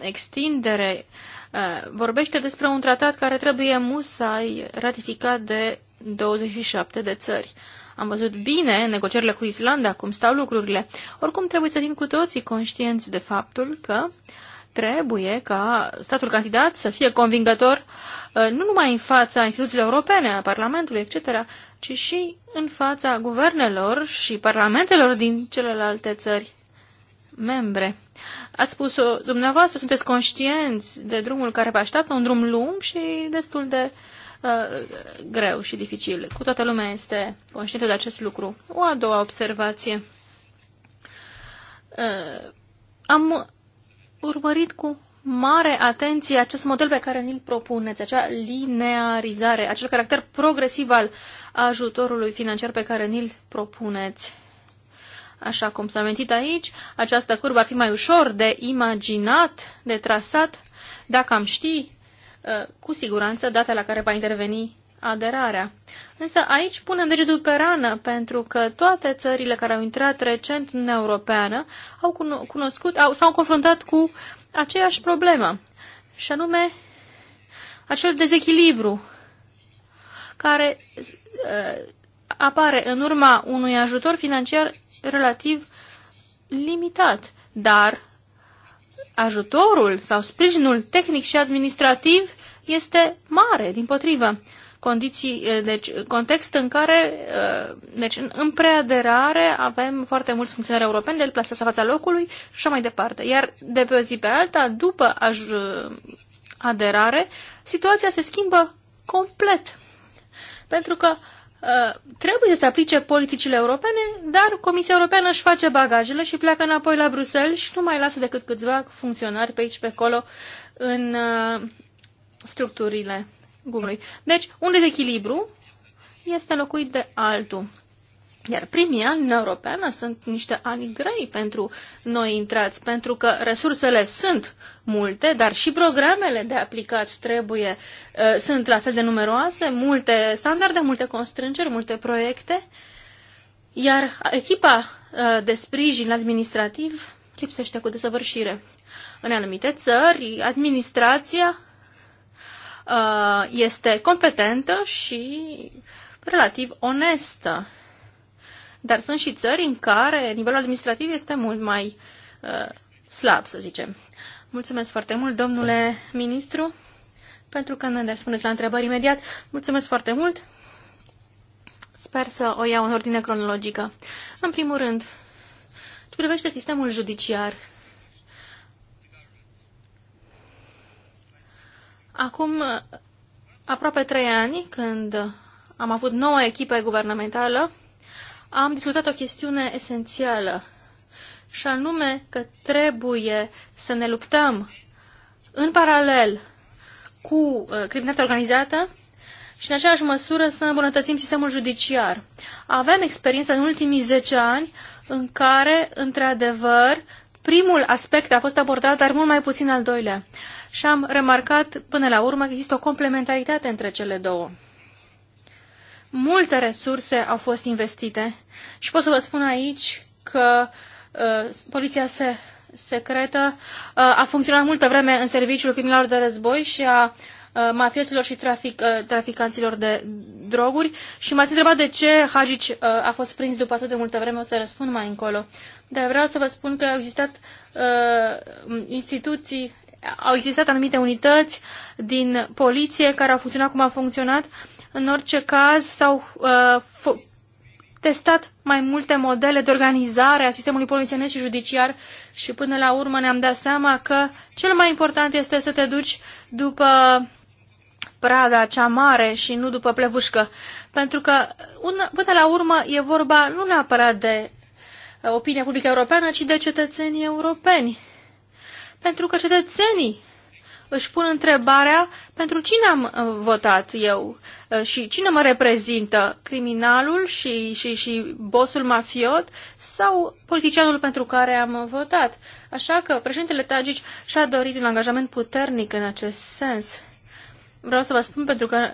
extindere, uh, vorbește despre un tratat care trebuie musai ratificat de 27 de țări. Am văzut bine în negocierile cu Islanda cum stau lucrurile. Oricum trebuie să fim cu toții conștienți de faptul că uh, trebuie ca statul candidat să fie convingător uh, nu numai în fața instituțiilor europene, a Parlamentului, etc., ci și în fața guvernelor și parlamentelor din celelalte țări membre. Ați spus dumneavoastră, sunteți conștienți de drumul care vă așteaptă, un drum lung și destul de uh, greu și dificil. Cu toată lumea este conștientă de acest lucru. O a doua observație. Uh, am urmărit cu mare atenție acest model pe care ni-l propuneți, acea linearizare, acel caracter progresiv al ajutorului financiar pe care ni-l propuneți. Așa cum s-a mentit aici, această curbă ar fi mai ușor de imaginat, de trasat, dacă am ști uh, cu siguranță data la care va interveni aderarea. Însă aici punem degetul pe rană, pentru că toate țările care au intrat recent în Europeană au cunoscut, au, s-au confruntat cu aceeași problemă, și anume acel dezechilibru care uh, apare în urma unui ajutor financiar relativ limitat, dar ajutorul sau sprijinul tehnic și administrativ este mare, din potrivă condiții, eh, deci context în care, eh, deci în preaderare avem foarte mulți funcționari europeni, el plasează fața locului și așa mai departe. Iar de pe o zi pe alta, după eh, aderare, situația se schimbă complet. Pentru că trebuie să se aplice politicile europene, dar Comisia Europeană își face bagajele și pleacă înapoi la Bruxelles și nu mai lasă decât câțiva funcționari pe aici pe acolo în structurile gumului. Deci, un dezechilibru este locuit de altul. Iar primii ani în Europeană sunt niște ani grei pentru noi intrați, pentru că resursele sunt multe, dar și programele de aplicat trebuie, uh, sunt la fel de numeroase, multe standarde, multe constrângeri, multe proiecte, iar echipa uh, de sprijin administrativ lipsește cu desăvârșire. În anumite țări, administrația Uh, este competentă și relativ onestă. Dar sunt și țări în care nivelul administrativ este mult mai uh, slab, să zicem. Mulțumesc foarte mult, domnule ministru, pentru că ne răspundeți la întrebări imediat. Mulțumesc foarte mult! Sper să o iau în ordine cronologică. În primul rând, ce privește sistemul judiciar, Acum uh, aproape trei ani, când am avut noua echipă guvernamentală, am discutat o chestiune esențială, și anume că trebuie să ne luptăm în paralel cu uh, criminalitatea organizată și în aceeași măsură să îmbunătățim sistemul judiciar. Avem experiență în ultimii 10 ani în care, într-adevăr, Primul aspect a fost abordat, dar mult mai puțin al doilea. Și am remarcat până la urmă că există o complementaritate între cele două. Multe resurse au fost investite și pot să vă spun aici că uh, poliția se secretă uh, a funcționat multă vreme în serviciul criminalilor de război și a uh, mafioților și trafic, uh, traficanților de droguri și m-ați întrebat de ce Hagici a fost prins după atât de multă vreme, o să răspund mai încolo dar vreau să vă spun că au existat uh, instituții, au existat anumite unități din poliție care au funcționat cum au funcționat. În orice caz, s-au uh, testat mai multe modele de organizare a sistemului polițienesc și judiciar și până la urmă ne-am dat seama că cel mai important este să te duci după prada cea mare și nu după plevușcă. Pentru că, până la urmă, e vorba nu neapărat de Uh, opinia publică europeană, ci de cetățenii europeni. Pentru că cetățenii își pun întrebarea pentru cine am uh, votat eu uh, și cine mă reprezintă, criminalul și, și, și bosul mafiot sau politicianul pentru care am votat. Așa că președintele Tagici și-a dorit un angajament puternic în acest sens. Vreau să vă spun pentru că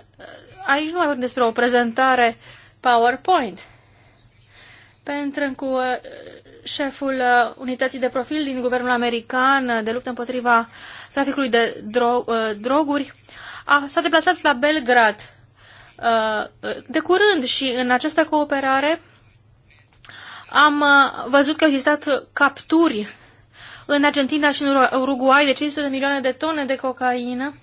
aici nu vorbim despre o prezentare PowerPoint pentru că uh, șeful uh, unității de profil din guvernul american uh, de luptă împotriva traficului de dro droguri s-a deplasat la Belgrad de curând și în această cooperare am văzut că au existat capturi în Argentina și în Uruguay de 500 de milioane de tone de cocaină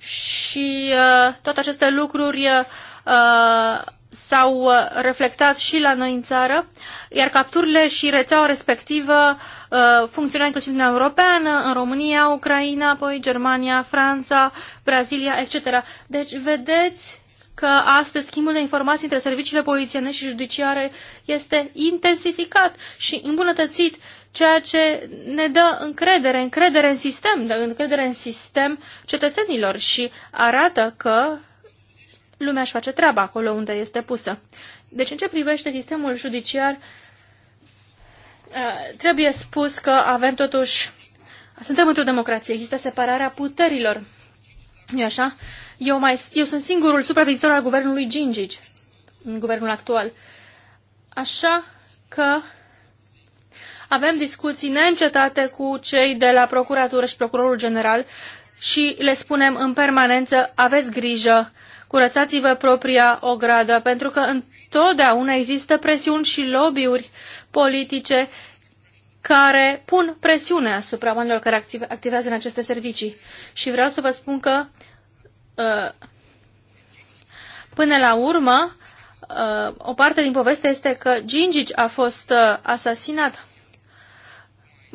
și uh, toate aceste lucruri uh, s-au uh, reflectat și la noi în țară, iar capturile și rețeaua respectivă uh, funcționează inclusiv în Europeană, în România, Ucraina, apoi Germania, Franța, Brazilia, etc. Deci vedeți că astăzi schimbul de informații între serviciile polițienești și judiciare este intensificat și îmbunătățit, ceea ce ne dă încredere, încredere în sistem, dă încredere în sistem cetățenilor și arată că lumea își face treaba acolo unde este pusă. Deci, în ce privește sistemul judiciar, uh, trebuie spus că avem totuși, suntem într-o democrație, există separarea puterilor, nu așa? Eu, mai, eu sunt singurul supraviețuitor al guvernului Gingici, în guvernul actual. Așa că avem discuții neîncetate cu cei de la procuratură și procurorul general și le spunem în permanență, aveți grijă, curățați-vă propria ogradă, pentru că întotdeauna există presiuni și lobby-uri politice care pun presiune asupra oamenilor care activează în aceste servicii. Și vreau să vă spun că uh, până la urmă uh, o parte din poveste este că Gingici a fost uh, asasinat.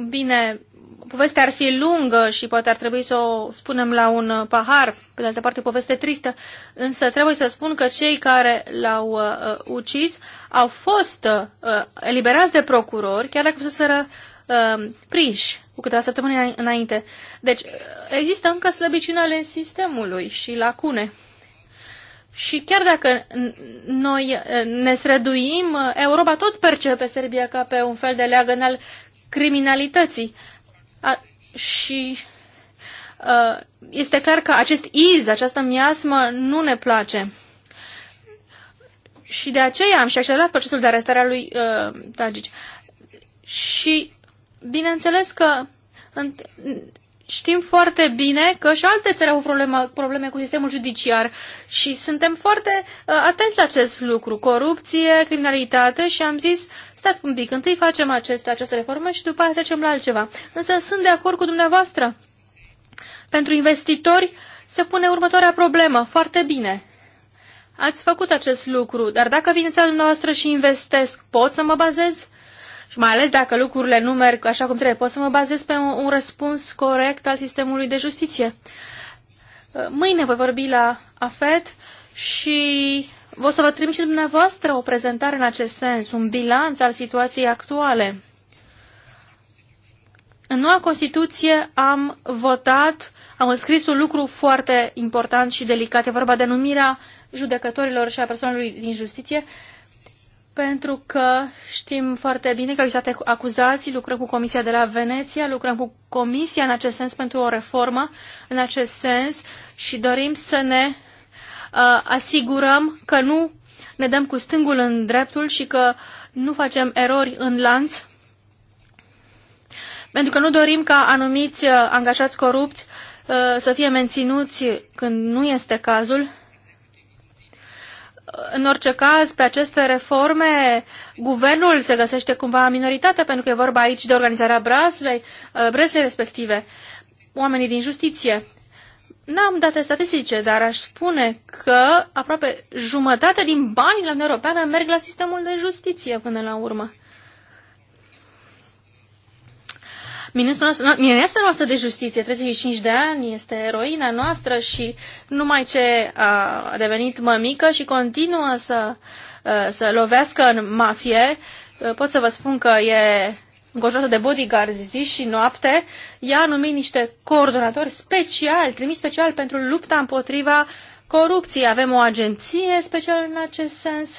Bine, povestea ar fi lungă și poate ar trebui să o spunem la un uh, pahar, pe de altă parte poveste tristă, însă trebuie să spun că cei care l-au uh, uh ucis au fost uh, uh, eliberați de procurori, chiar dacă fuseseră uh, prinși cu câteva săptămâni înainte. Deci există încă slăbiciune ale sistemului și lacune. Și chiar dacă noi ne străduim, Europa tot percepe Serbia ca pe un fel de leagăn al criminalității. Uh, a, și este clar că acest iz, această miasmă, nu ne place. Și de aceea am și accelerat procesul de arestare a lui uh, Tagici. Și bineînțeles că știm foarte bine că și alte țări au probleme, probleme cu sistemul judiciar și suntem foarte uh, atenți la acest lucru. Corupție, criminalitate și am zis, stați un pic, întâi facem acest, această reformă și după aceea trecem la altceva. Însă sunt de acord cu dumneavoastră. Pentru investitori se pune următoarea problemă. Foarte bine. Ați făcut acest lucru, dar dacă vin țara dumneavoastră și investesc, pot să mă bazez? Uh, și mai ales dacă lucrurile nu merg așa cum trebuie, pot să mă bazez pe un, un răspuns corect al sistemului de justiție. Uh, mâine voi vorbi la AFET și vă să vă trimit și dumneavoastră o prezentare în acest sens, un bilanț al situației actuale. În noua Constituție am votat, am înscris un lucru foarte important și delicat, e vorba de numirea judecătorilor și a persoanelor din justiție, pentru că știm foarte bine că există acuzații, lucrăm cu Comisia de la Veneția, lucrăm cu Comisia în acest sens pentru o reformă în acest sens și dorim să ne uh, asigurăm că nu ne dăm cu stângul în dreptul și că nu facem erori în lanț, pentru că nu dorim ca anumiți uh, angajați corupți uh, să fie menținuți când nu este cazul în orice caz, pe aceste reforme, guvernul se găsește cumva minoritate, pentru că e vorba aici de organizarea Breslei, uh, Breslei respective, oamenii din justiție. N-am date statistice, dar aș spune că aproape jumătate din banii la Uniunea Europeană merg la sistemul de justiție până la urmă. Ministrul nostru, ministra noastră de justiție, 35 de ani, este eroina noastră și numai ce a devenit mămică și continuă să, ă, să lovească în mafie, ă, pot să vă spun că e înconjurată de bodyguard zi și noapte, ea a numit niște coordonatori special, trimis special pentru lupta împotriva corupției. Avem o agenție specială în acest sens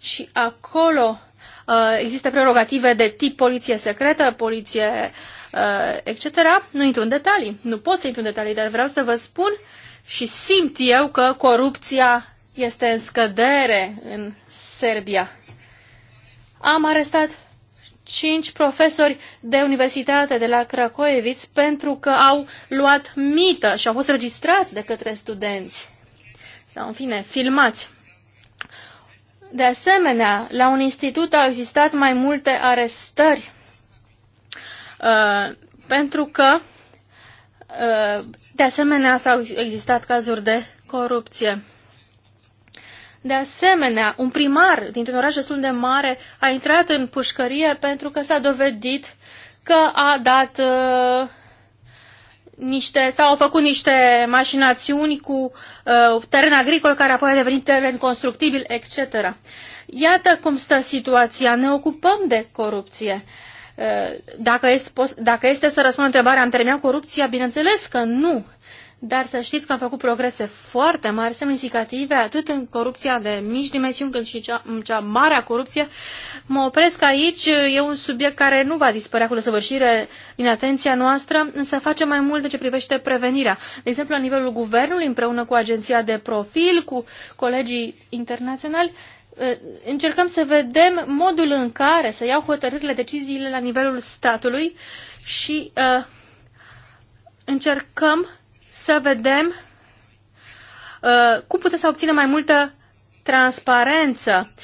și acolo Uh, există prerogative de tip poliție secretă, poliție uh, etc. Nu intru în detalii, nu pot să intru în detalii, dar vreau să vă spun și simt eu că corupția este în scădere în Serbia. Am arestat cinci profesori de universitate de la Cracoeviț pentru că au luat mită și au fost registrați de către studenți. Sau, în fine, filmați. De asemenea, la un institut au existat mai multe arestări uh, pentru că, uh, de asemenea, s-au existat cazuri de corupție. De asemenea, un primar dintr-un oraș destul de mare a intrat în pușcărie pentru că s-a dovedit că a dat uh, niște, sau au făcut niște mașinațiuni cu uh, teren agricol care apoi a devenit teren constructibil, etc. Iată cum stă situația. Ne ocupăm de corupție. Uh, dacă este, dacă este să răspund întrebarea, am terminat corupția? Bineînțeles că nu. Dar să știți că am făcut progrese foarte mari, semnificative, atât în corupția de mici dimensiuni, cât și cea, în cea mare a corupție, uh, Mă opresc aici, e un subiect care nu va dispărea cu desăvârșire din atenția noastră, însă face mai mult în ce privește prevenirea. De exemplu, la nivelul guvernului, împreună cu agenția de profil, cu colegii internaționali, ă, încercăm să vedem modul în care să iau hotărârile, deciziile la nivelul statului și uh, încercăm să vedem uh, cum putem să obținem mai multă transparență. Uh,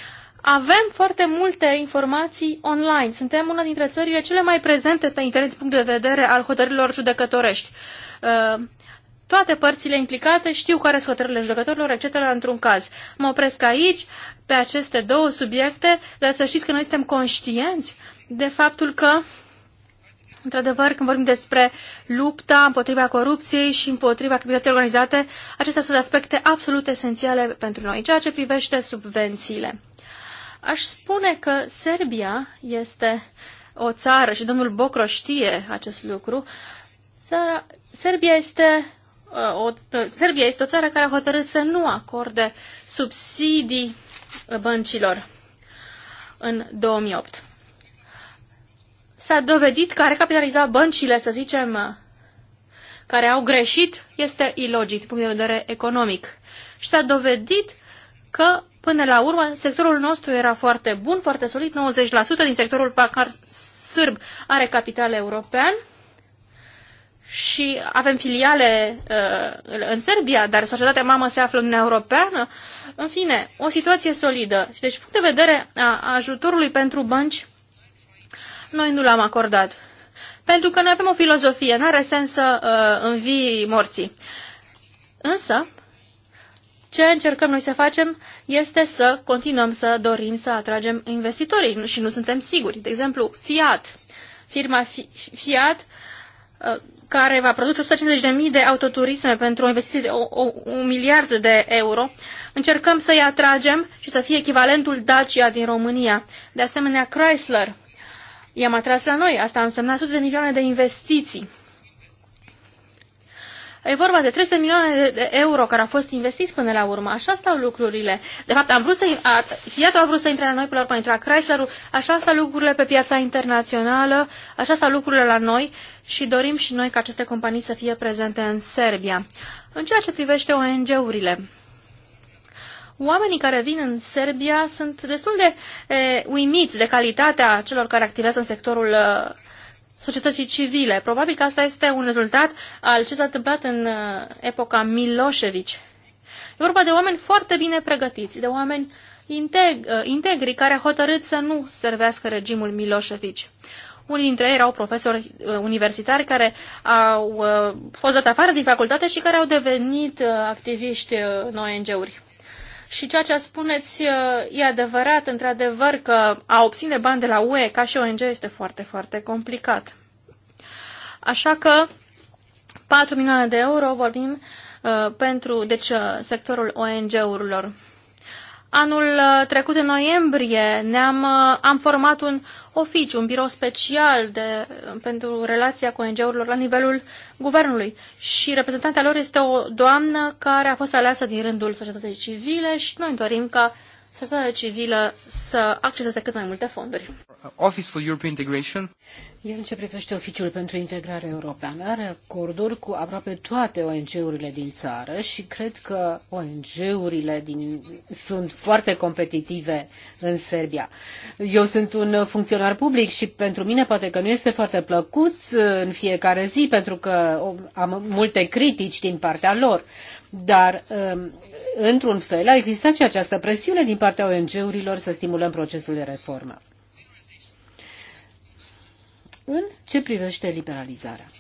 avem foarte multe informații online. Suntem una dintre țările cele mai prezente pe internet din punct de vedere al hotărârilor judecătorești. Uh, toate părțile implicate știu care sunt hotărârile judecătorilor, etc. într-un caz. Mă opresc aici pe aceste două subiecte, dar să știți că noi suntem conștienți de faptul că Într-adevăr, când vorbim despre lupta împotriva corupției și împotriva activității organizate, acestea sunt aspecte absolut esențiale pentru noi, ceea ce privește subvențiile. Aș spune că Serbia este o țară, și domnul Bocro știe acest lucru, țara, Serbia este uh, o, uh, Serbia este o țară care a hotărât să nu acorde subsidii băncilor în 2008. S-a dovedit că a recapitalizat băncile, să zicem, care au greșit, este ilogic din punct de vedere economic. Și s-a dovedit că Până la urmă, sectorul nostru era foarte bun, foarte solid, 90% din sectorul bancar sârb are capital european și avem filiale uh, în Serbia, dar societatea mamă se află în Europeană. În fine, o situație solidă. Deci, punct de vedere a ajutorului pentru bănci, noi nu l-am acordat. Pentru că noi avem o filozofie, nu are sens să uh, învii morții. Însă, ce încercăm noi să facem este să continuăm să dorim să atragem investitorii și nu suntem siguri. De exemplu, Fiat, firma Fiat, uh, care va produce 150.000 de autoturisme pentru o investiție de o, o, un miliard de euro, încercăm să-i atragem și să fie echivalentul Dacia din România. De asemenea, Chrysler i-am atras la noi. Asta a însemnat sute de milioane de investiții. E vorba de 300 milioane de euro care au fost investiți până la urmă. Așa stau lucrurile. De fapt, am vrut să, a, Fiat a vrut să intre la noi, până la urmă intrat Chrysler-ul. Așa stau lucrurile pe piața internațională, așa stau lucrurile la noi și dorim și noi ca aceste companii să fie prezente în Serbia. În ceea ce privește ONG-urile, oamenii care vin în Serbia sunt destul de e, uimiți de calitatea celor care activează în sectorul uh, societății civile. Probabil că asta este un rezultat al ce s-a întâmplat în uh, epoca Milosevic. E vorba de oameni foarte bine pregătiți, de oameni integ uh, integri care au hotărât să nu servească regimul Milosevic. Unii dintre ei erau profesori uh, universitari care au fost dat afară din facultate și care au devenit activiști în ONG-uri. Și ceea ce spuneți uh, e adevărat, într-adevăr, că a obține bani de la UE ca și ONG este foarte, foarte complicat. Așa că 4 milioane de euro vorbim uh, pentru deci, uh, sectorul ONG-urilor. Anul uh, trecut, în noiembrie, ne-am uh, am format un oficiu, un birou special de, uh, pentru relația cu ONG-urilor la nivelul guvernului și reprezentanta lor este o doamnă care a fost aleasă din rândul societății civile și noi dorim ca societatea civilă să acceseze cât mai multe fonduri. Office for European Integration. El ce privește Oficiul pentru Integrare Europeană are acorduri cu aproape toate ONG-urile din țară și cred că ONG-urile din... sunt foarte competitive în Serbia. Eu sunt un funcționar public și pentru mine poate că nu este foarte plăcut în fiecare zi pentru că am multe critici din partea lor. Dar, um, într-un fel, a existat și această presiune din partea ONG-urilor să stimulăm procesul de reformă. În ce privește liberalizarea?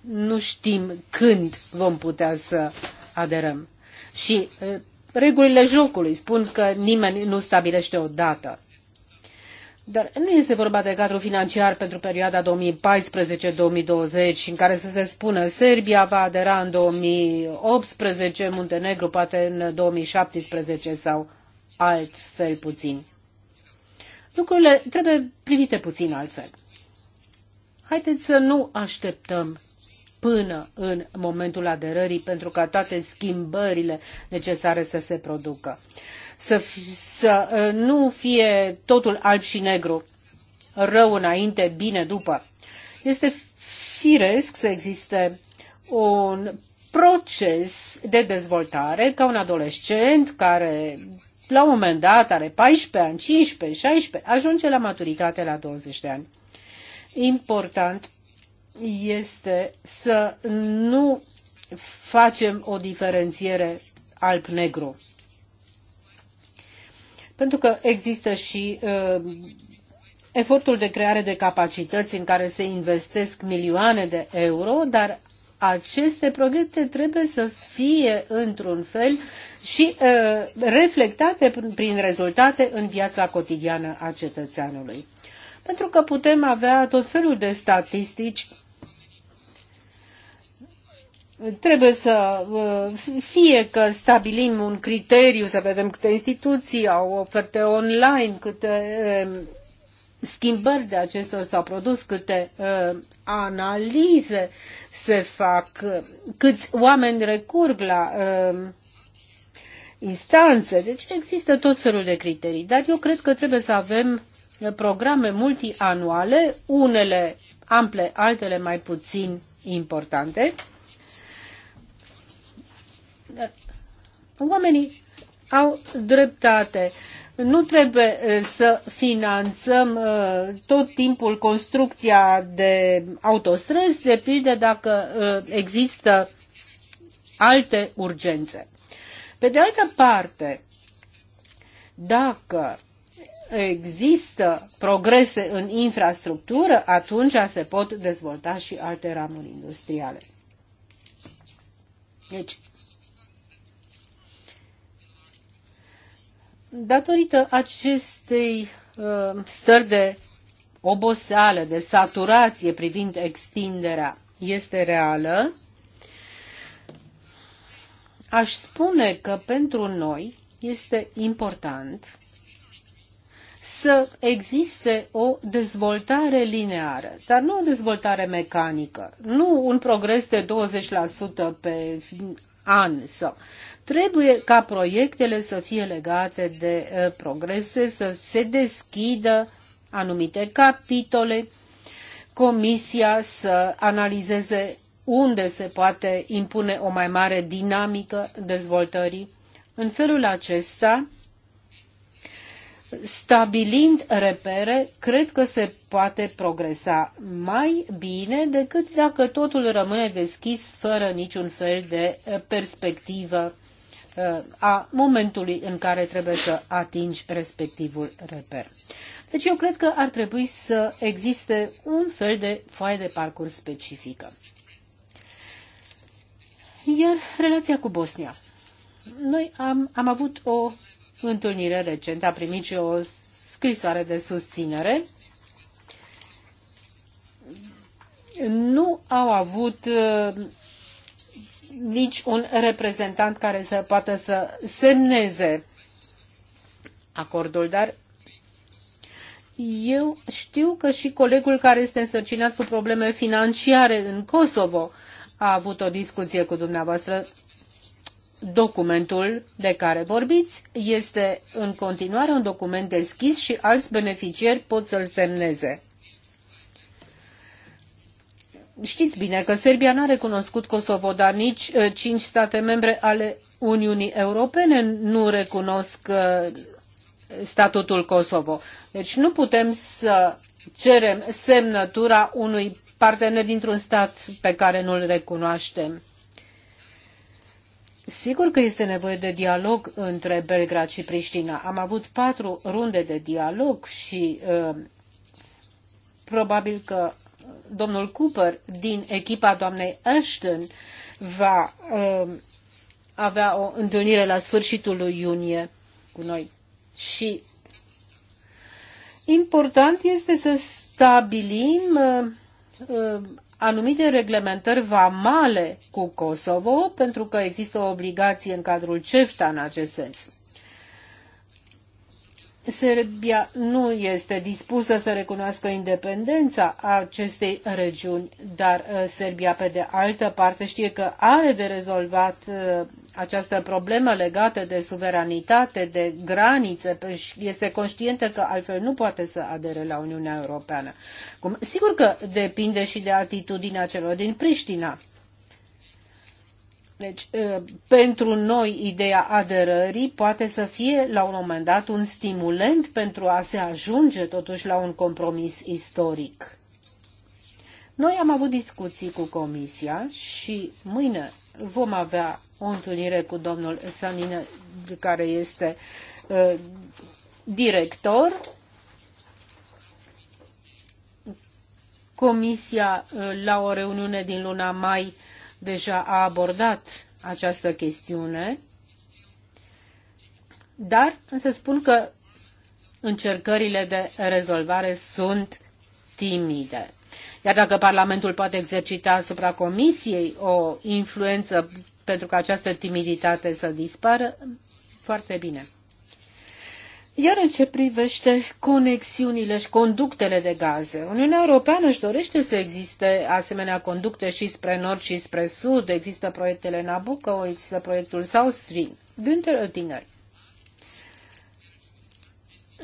Nu știm când vom putea să aderăm. Și uh, regulile jocului spun că nimeni nu stabilește o dată. Dar nu este vorba de cadru financiar pentru perioada 2014-2020 în care să se spună Serbia va adera în 2018, Muntenegru poate în 2017 sau altfel puțin. Lucrurile trebuie privite puțin altfel. Haideți să nu așteptăm până în momentul aderării pentru ca toate schimbările necesare să se producă să, să uh, nu fie totul alb și negru, rău înainte, bine după. Este firesc să existe un proces de dezvoltare ca un adolescent care la un moment dat are 14 ani, 15, 16, ajunge la maturitate la 20 de ani. Important este să nu facem o diferențiere alb-negru. Pentru că există și uh, efortul de creare de capacități în care se investesc milioane de euro, dar aceste proiecte trebuie să fie într-un fel și uh, reflectate prin rezultate în viața cotidiană a cetățeanului. Pentru că putem avea tot felul de statistici Trebuie să uh, fie că stabilim un criteriu, să vedem câte instituții au oferte online, câte uh, schimbări de acestor s-au produs, câte uh, analize se fac, câți oameni recurg la instanțe. Deci există tot felul de criterii, dar eu cred că trebuie să avem programe multianuale, unele ample, altele mai puțin importante, Oamenii au dreptate. Nu trebuie să finanțăm tot timpul construcția de autostrăzi, depinde dacă există alte urgențe. Pe de altă parte, dacă există progrese în infrastructură, atunci se pot dezvolta și alte ramuri industriale. Deci, Datorită acestei uh, stări de oboseală, de saturație privind extinderea, este reală, aș spune că pentru noi este important să existe o dezvoltare lineară, dar nu o dezvoltare mecanică, nu un progres de 20% pe Anso. Trebuie ca proiectele să fie legate de progrese, să se deschidă anumite capitole, Comisia să analizeze unde se poate impune o mai mare dinamică dezvoltării. În felul acesta, stabilind repere, cred că se poate progresa mai bine decât dacă totul rămâne deschis fără niciun fel de eh, perspectivă eh, a momentului în care trebuie să atingi respectivul reper. Deci eu cred că ar trebui să existe un fel de foaie de parcurs specifică. Iar relația cu Bosnia. Noi am, am avut o întâlnire recent a primit și o scrisoare de susținere. Nu au avut uh, nici un reprezentant care să poată să semneze acordul, dar eu știu că și colegul care este însărcinat cu probleme financiare în Kosovo a avut o discuție cu dumneavoastră documentul de care vorbiți este în continuare un document deschis și alți beneficieri pot să-l semneze. Știți bine că Serbia n-a recunoscut Kosovo, dar nici eh, cinci state membre ale Uniunii Europene nu recunosc eh, statutul Kosovo. Deci nu putem să cerem semnătura unui partener dintr-un stat pe care nu-l recunoaștem. Sigur că este nevoie de dialog între Belgrad și Priștina. Am avut patru runde de dialog și uh, probabil că domnul Cooper din echipa doamnei Ashton va uh, avea o întâlnire la sfârșitul lui iunie cu noi. Și important este să stabilim uh, anumite reglementări vamale cu Kosovo, pentru că există o obligație în cadrul CEFTA în acest sens. Serbia nu este dispusă să recunoască independența acestei regiuni, dar uh, Serbia, pe de altă parte, știe că are de rezolvat uh, această problemă legată de suveranitate, de granițe, este conștientă că altfel nu poate să adere la Uniunea Europeană. sigur că depinde și de atitudinea celor din Priștina. Deci, ă, pentru noi, ideea aderării poate să fie, la un moment dat, un stimulent pentru a se ajunge, totuși, la un compromis istoric. Noi am avut discuții cu Comisia și mâine vom avea o întâlnire cu domnul Sanine, care este uh, director. Comisia, uh, la o reuniune din luna mai, deja a abordat această chestiune, dar să spun că încercările de rezolvare sunt timide. Iar dacă Parlamentul poate exercita asupra Comisiei o influență pentru ca această timiditate să dispară, foarte bine. Iar în ce privește conexiunile și conductele de gaze, Uniunea Europeană își dorește să existe asemenea conducte și spre nord și spre sud. Există proiectele Nabucco, există proiectul South Stream. Günther Oettinger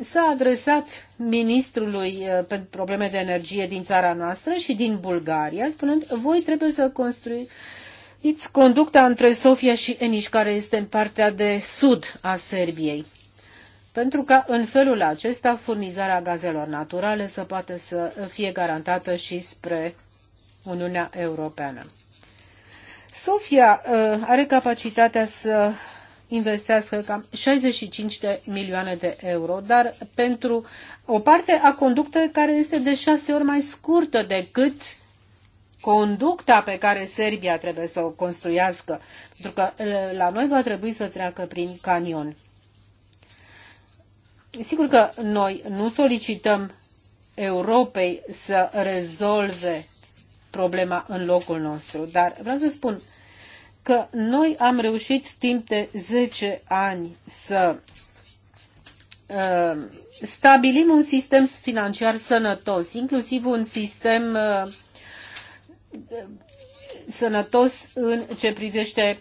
s-a adresat ministrului eh, pentru probleme de energie din țara noastră și din Bulgaria, spunând, voi trebuie să construiți conducta între Sofia și Eniș, care este în partea de sud a Serbiei pentru ca în felul acesta furnizarea gazelor naturale să poată să fie garantată și spre Uniunea Europeană. Sofia uh, are capacitatea să investească cam 65 de milioane de euro, dar pentru o parte a conductă care este de șase ori mai scurtă decât conducta pe care Serbia trebuie să o construiască, pentru că uh, la noi va trebui să treacă prin canion. Sigur că noi nu solicităm Europei să rezolve problema în locul nostru, dar vreau să spun că noi am reușit timp de 10 ani să uh, stabilim un sistem financiar sănătos, inclusiv un sistem uh, sănătos în ce privește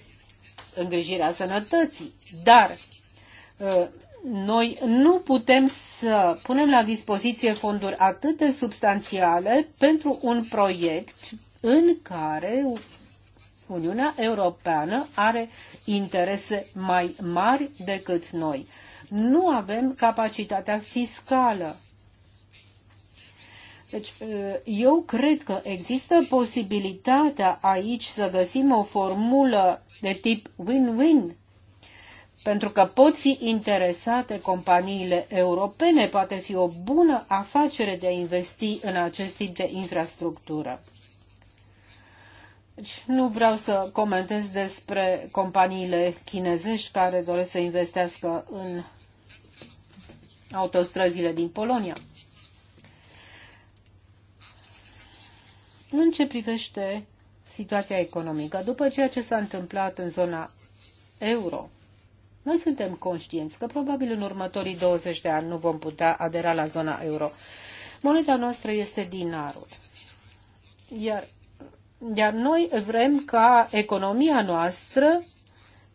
îngrijirea sănătății. Dar uh, noi nu putem să punem la dispoziție fonduri atât de substanțiale pentru un proiect în care Uniunea Europeană are interese mai mari decât noi. Nu avem capacitatea fiscală. Deci, eu cred că există posibilitatea aici să găsim o formulă de tip win-win pentru că pot fi interesate companiile europene, poate fi o bună afacere de a investi în acest tip de infrastructură. Deci nu vreau să comentez despre companiile chinezești care doresc să investească în autostrăzile din Polonia. În ce privește situația economică, după ceea ce s-a întâmplat în zona euro, noi suntem conștienți că probabil în următorii 20 de ani nu vom putea adera la zona euro. Moneda noastră este dinarul. Iar, iar noi vrem ca economia noastră,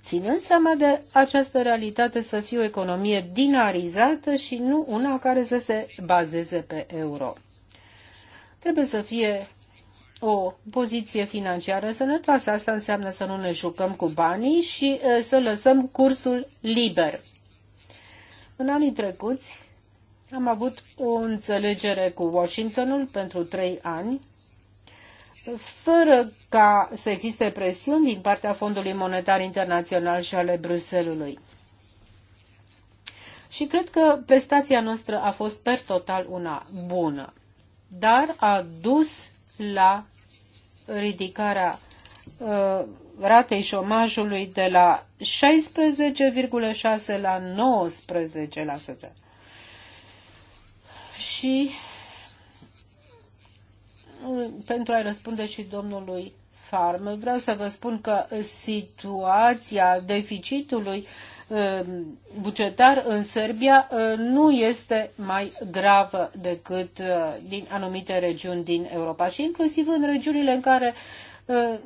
ținând seama de această realitate, să fie o economie dinarizată și nu una care să se bazeze pe euro. Trebuie să fie o poziție financiară sănătoasă. Asta înseamnă să nu ne jucăm cu banii și să lăsăm cursul liber. În anii trecuți am avut o înțelegere cu Washingtonul pentru trei ani, fără ca să existe presiuni din partea Fondului Monetar Internațional și ale Bruselului. Și cred că prestația noastră a fost per total una bună, dar a dus la ridicarea uh, ratei șomajului de la 16,6 la 19%. Și pentru a-i răspunde și domnului Farm, vreau să vă spun că situația deficitului um, bugetar în Serbia uh, nu este mai gravă decât uh, din anumite regiuni din Europa și inclusiv în regiunile în care uh,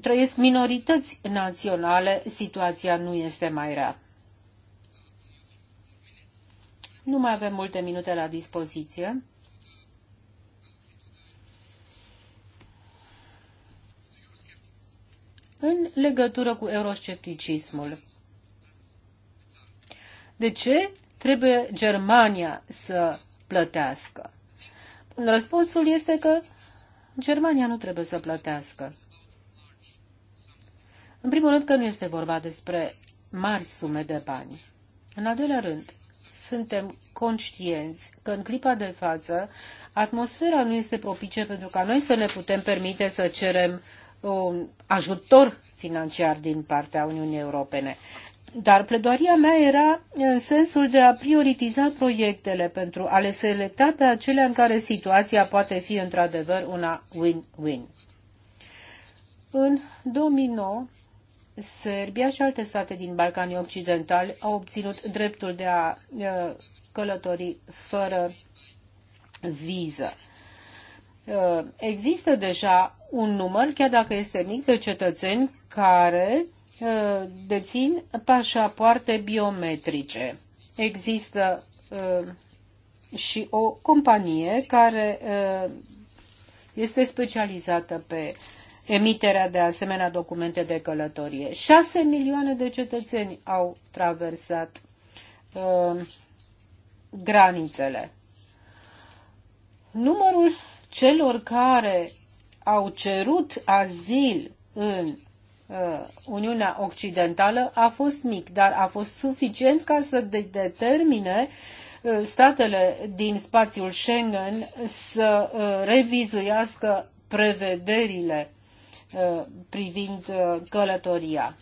trăiesc minorități naționale, situația nu este mai rea. Nu mai avem multe minute la dispoziție. în legătură cu euroscepticismul. De ce trebuie Germania să plătească? Răspunsul este că Germania nu trebuie să plătească. În primul rând că nu este vorba despre mari sume de bani. În al doilea rând, suntem conștienți că în clipa de față atmosfera nu este propice pentru ca noi să ne putem permite să cerem un ajutor financiar din partea Uniunii Europene. Dar pledoaria mea era în sensul de a prioritiza proiectele pentru a le selecta pe acelea în care situația poate fi într-adevăr una win-win. În 2009, Serbia și alte state din Balcanii Occidentali au obținut dreptul de a călători fără viză. Există deja un număr, chiar dacă este mic, de cetățeni care uh, dețin pașapoarte biometrice. Există uh, și o companie care uh, este specializată pe emiterea de asemenea documente de călătorie. 6 milioane de cetățeni au traversat granițele. Numărul celor care au cerut azil în uh, Uniunea Occidentală a fost mic, dar a fost suficient ca să de determine uh, statele din spațiul Schengen să uh, revizuiască prevederile privind călătoria.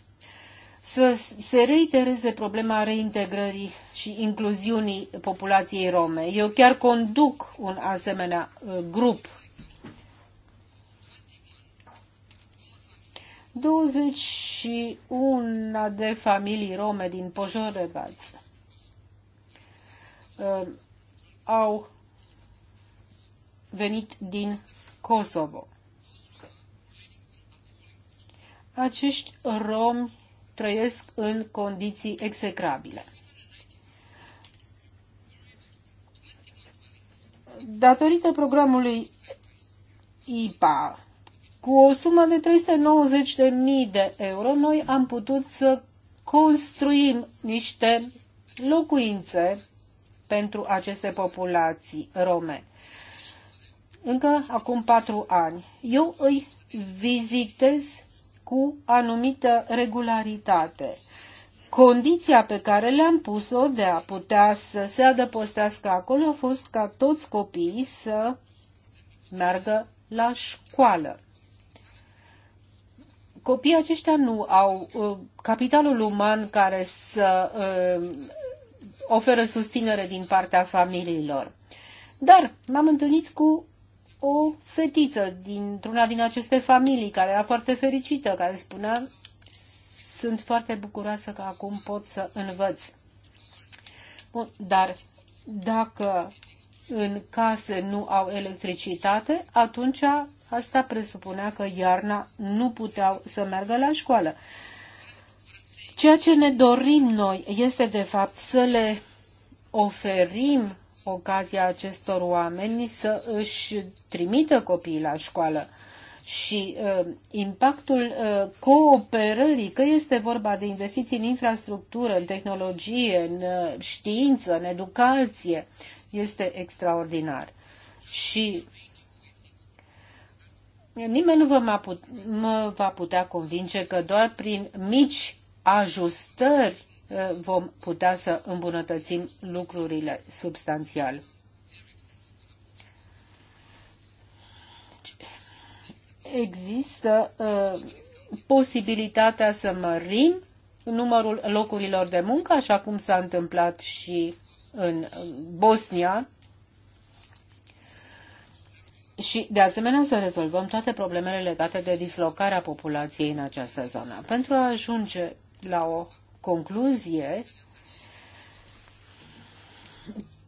Să se reitereze problema reintegrării și incluziunii populației rome. Eu chiar conduc un asemenea grup 21 de familii rome din Pojorevaț uh, au venit din Kosovo. Acești romi trăiesc în condiții execrabile. Datorită programului IPA, cu o sumă de 390.000 de euro, noi am putut să construim niște locuințe pentru aceste populații rome. Încă acum patru ani. Eu îi vizitez cu anumită regularitate. Condiția pe care le-am pus-o de a putea să se adăpostească acolo a fost ca toți copiii să meargă la școală copiii aceștia nu au uh, capitalul uman care să uh, oferă susținere din partea familiilor. Dar m-am întâlnit cu o fetiță dintr-una din aceste familii care era foarte fericită, care spunea sunt foarte bucuroasă că acum pot să învăț. Bun, dar dacă în case nu au electricitate, atunci Asta presupunea că iarna nu puteau să meargă la școală. Ceea ce ne dorim noi este, de fapt, să le oferim ocazia acestor oameni să își trimită copiii la școală și uh, impactul uh, cooperării, că este vorba de investiții în infrastructură, în tehnologie, în uh, știință, în educație, este extraordinar. Și nimeni nu vă put, mă va putea convinge că doar prin mici ajustări uh, vom putea să îmbunătățim lucrurile substanțial. Există uh, posibilitatea să mărim numărul locurilor de muncă, așa cum s-a întâmplat și în Bosnia, și, de asemenea, să rezolvăm toate problemele legate de dislocarea populației în această zonă. Pentru a ajunge la o concluzie,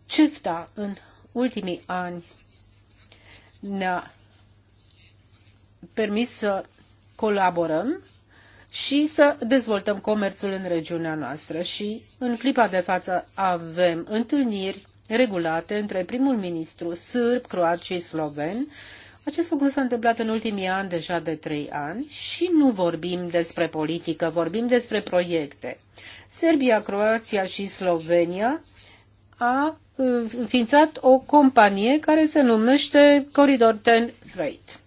CIFTA în ultimii ani ne-a permis să colaborăm și să dezvoltăm comerțul în regiunea noastră și în clipa de față avem întâlniri regulate între primul ministru sârb, croat și sloven. Acest lucru s-a întâmplat în ultimii ani, deja de trei ani, și nu vorbim despre politică, vorbim despre proiecte. Serbia, Croația și Slovenia a uh, înființat o companie care se numește Corridor Ten Freight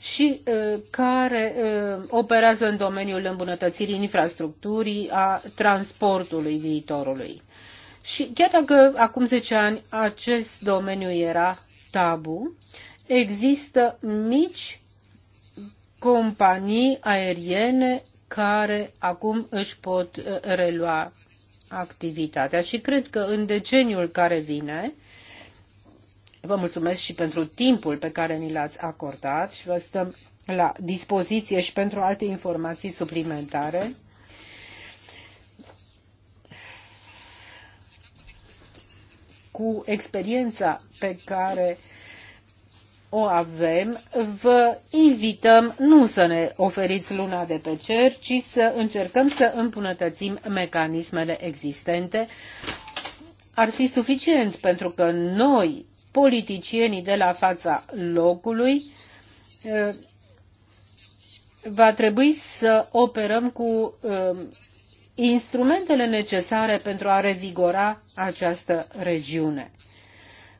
și uh, care uh, operează în domeniul îmbunătățirii infrastructurii a transportului viitorului. Și chiar dacă acum 10 ani acest domeniu era tabu, există mici companii aeriene care acum își pot uh, relua activitatea și cred că în deceniul care vine, vă mulțumesc și pentru timpul pe care ni l-ați acordat și vă stăm la dispoziție și pentru alte informații suplimentare. cu experiența pe care o avem, vă invităm nu să ne oferiți luna de pe cer, ci să încercăm să îmbunătățim mecanismele existente. Ar fi suficient pentru că noi, politicienii de la fața locului, eh, va trebui să operăm cu eh, instrumentele necesare pentru a revigora această regiune.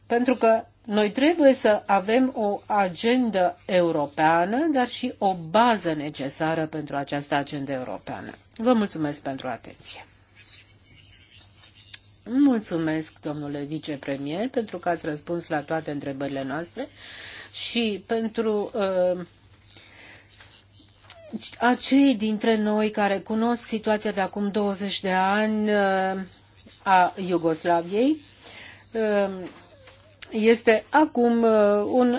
Pentru că noi trebuie să avem o agendă europeană, dar și o bază necesară pentru această agendă europeană. Vă mulțumesc pentru atenție. Mulțumesc, domnule vicepremier, pentru că ați răspuns la toate întrebările noastre și pentru uh, acei dintre noi care cunosc situația de acum 20 de ani uh, a Iugoslaviei uh, este acum uh, un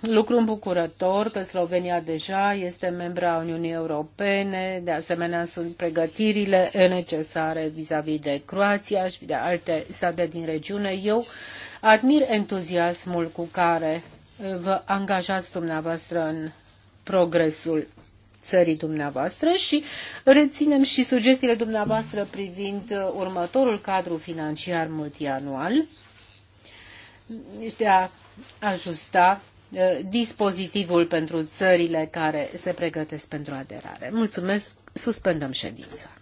lucru îmbucurător că Slovenia deja este membra a Uniunii Europene, de asemenea sunt pregătirile necesare vis-a-vis -vis de Croația și de alte state din regiune. Eu admir entuziasmul cu care vă angajați dumneavoastră în progresul țării dumneavoastră și reținem și sugestiile dumneavoastră privind uh, următorul cadru financiar multianual de a ajusta uh, dispozitivul pentru țările care se pregătesc pentru aderare. Mulțumesc, suspendăm ședința.